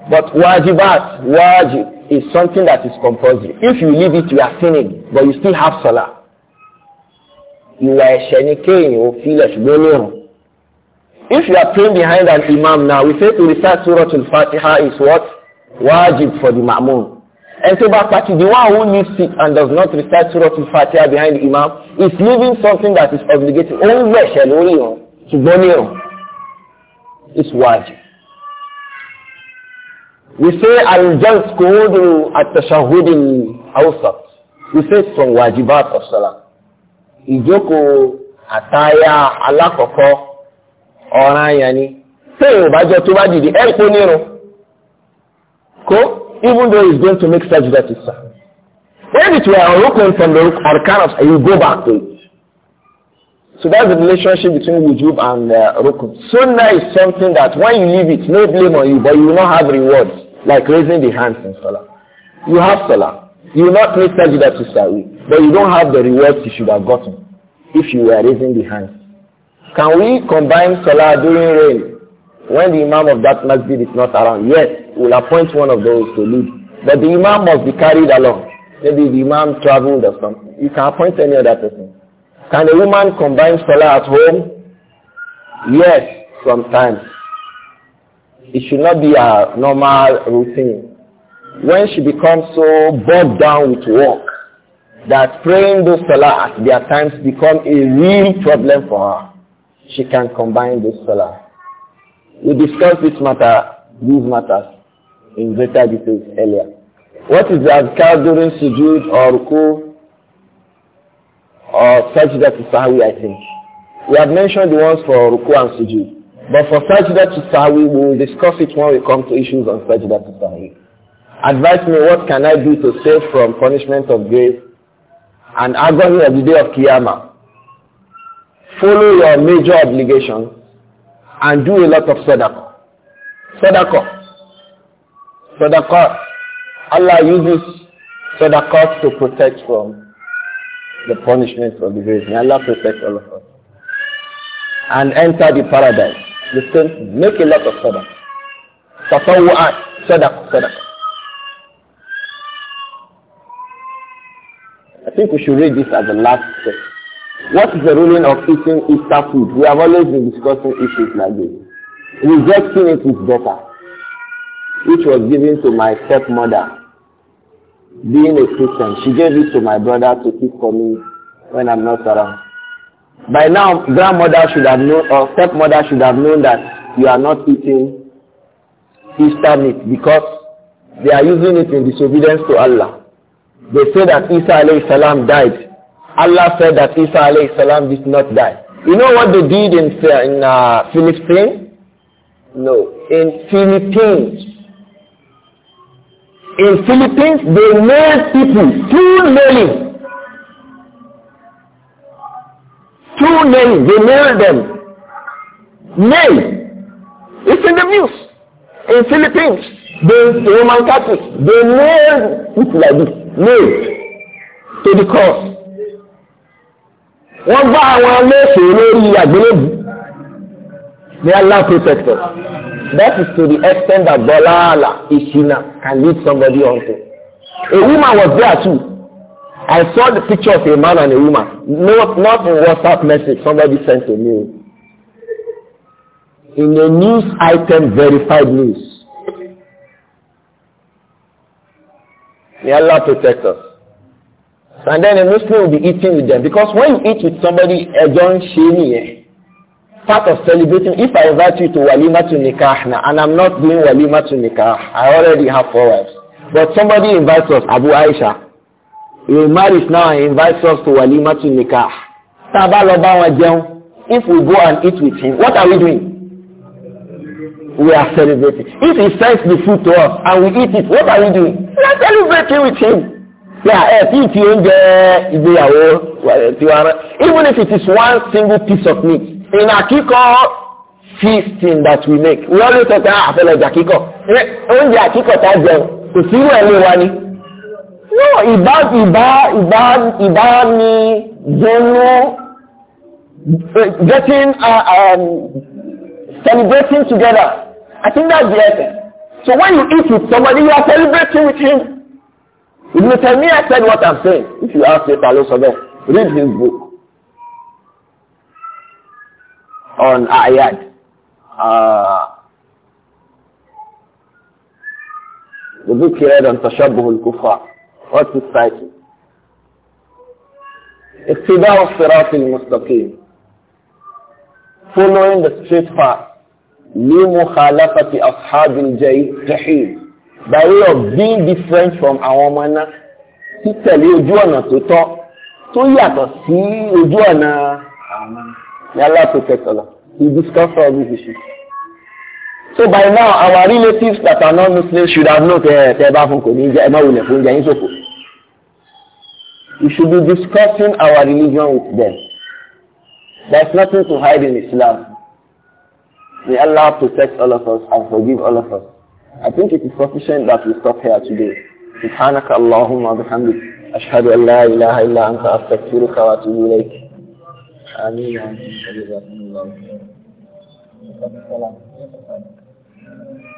But wajibat, wajib, is something that is compulsory. If you leave it, you are sinning, but you still have salah. You are shenikein, you feel a If you are praying behind an imam now, we say to recite Surah Al-Fatiha is what? Wajib for the ma'mun. And so back the one who leaves it and does not recite Surah Al-Fatiha behind the imam is leaving something that is obligatory. Only Shall only on. It's wajib. We say al-jans kuhudu at-tashahud al-awsat. We say it's from wajibat of salah. Ìjókòó àtayá alákọ̀ọ́kọ́ ọ̀ràn Say ni. Ṣé ìrìnbájọ́ tó bá dìde ẹ̀ even though it's going to make such that it's when it were a rukun from the arkan of you go back to it. So that's the relationship between wujub and uh, rukun. Sunnah is something that when you leave it, no blame on you, but you will not have rewards. like raising the hands in salah. You have salah. You are not need that to with, but you don't have the rewards you should have gotten if you were raising the hands. Can we combine salah during rain when the imam of that masjid is not around? Yes, we'll appoint one of those to lead. But the imam must be carried along. Maybe the imam traveled or something. You can appoint any other person. Can a woman combine salah at home? Yes, sometimes. It should not be a normal routine. When she becomes so bogged down with work that praying those salah at their times become a real problem for her, she can combine those salah. We discussed this matter, these matters in greater detail earlier. What is the adhkar during sujood or ruku or sajda to sahwi, I think? We have mentioned the ones for ruku and sujood. But for sajda to sahwi, we will discuss it when we come to issues on sajda to sahwi. Advise me what can I do to save from punishment of grave and agony of the day of Qiyamah. Follow your major obligations and do a lot of sadaqah. Sadaqah. Sadaqah. Allah uses sadaqah to protect from the punishment of the grave. May Allah protect all of us. And enter the paradise. the same Make a lot of sadaqah. Tatawwa'at, sadaqah, sadaqah. I think we should read this as the last step. What is the ruling of eating Easter food? We have always been discussing issues like this. Rejecting it is better. Which was given to my stepmother. Being a Christian, she gave it to my brother to keep for me when I'm not around. By now, grandmother should have known or stepmother should have known that you are not eating Easter meat because they are using it in disobedience to Allah. They say that Isa alayhi salam died. Allah said that Isa alayhi salam did not die. You know what they did in, uh, in uh, Philippines? No. In Philippines. In Philippines, they made people through Two names, they nailed them. Nail. It's in the news. In Philippines, the Roman Catholics, they nailed it like this. Nailed to the cross. Wọ́n bá àwọn amóṣèlú lórí àgbélébù. May Allah protect us. That is to the extent that Bọ́lá Allah, Ìṣìnà, can lead somebody on to. A woman was there too. I saw the picture of a man and a woman. No, not a WhatsApp message somebody sent to me. In a news item, verified news. May Allah protect us. And then a Muslim will be eating with them. Because when you eat with somebody, shame Sheni, part of celebrating, if I invite you to Walima to Nikah now, and I'm not doing Walima to Nikah, I already have four wives. But somebody invites us, Abu Aisha, your marriage now invites us to Walima to nikah tá a bá lọ bá wọn if we go and eat with him what are we doing we are celebrating if he sends the food to us and we eat it what are we doing we are celebrating with him yeah ẹ eh, tí ì ti oúnjẹ ìgbéyàwó eh, tiwa rẹ even if it is one single piece of meat in akíkọ feasting that we make we always talk about àfẹlẹjà kíkọ oúnjẹ àkíkọ tá a jẹun kò sí irú ẹ̀ lé wa ni. No, ìbá ìbá ìbá ìbá ni general eh, getting uh, um, celebrating together. I think that's the essence. So when you eat with somebody, you are celebrating with him. me, I said what I'm saying. If you ask it, I'll also read his book on ayat. Uh, the book he read on Tashabbuh al What is title? Iqtida al-sirat al-mustaqim. Following the straight path. لمخالفة أصحاب الجحيم by way of being different from àwọn ọmọ náà títẹ̀lé ojú ọ̀nà tó tọ́ tó yàtọ̀ sí ojú ọ̀nà àwọn ọmọ náà ní aláàtò kẹtọ̀lá we discuss all these issues. So by now, our relatives that are not Muslims should have known eh, We should be discussing our religion with them. There's nothing to hide in Islam. May Allah protect all of us and forgive all of us. I think it is sufficient that we stop here today. سبحانك اللهم وبحمدك أشهد أن لا إله إلا أنت أستغفرك وأتوب إليك
آمين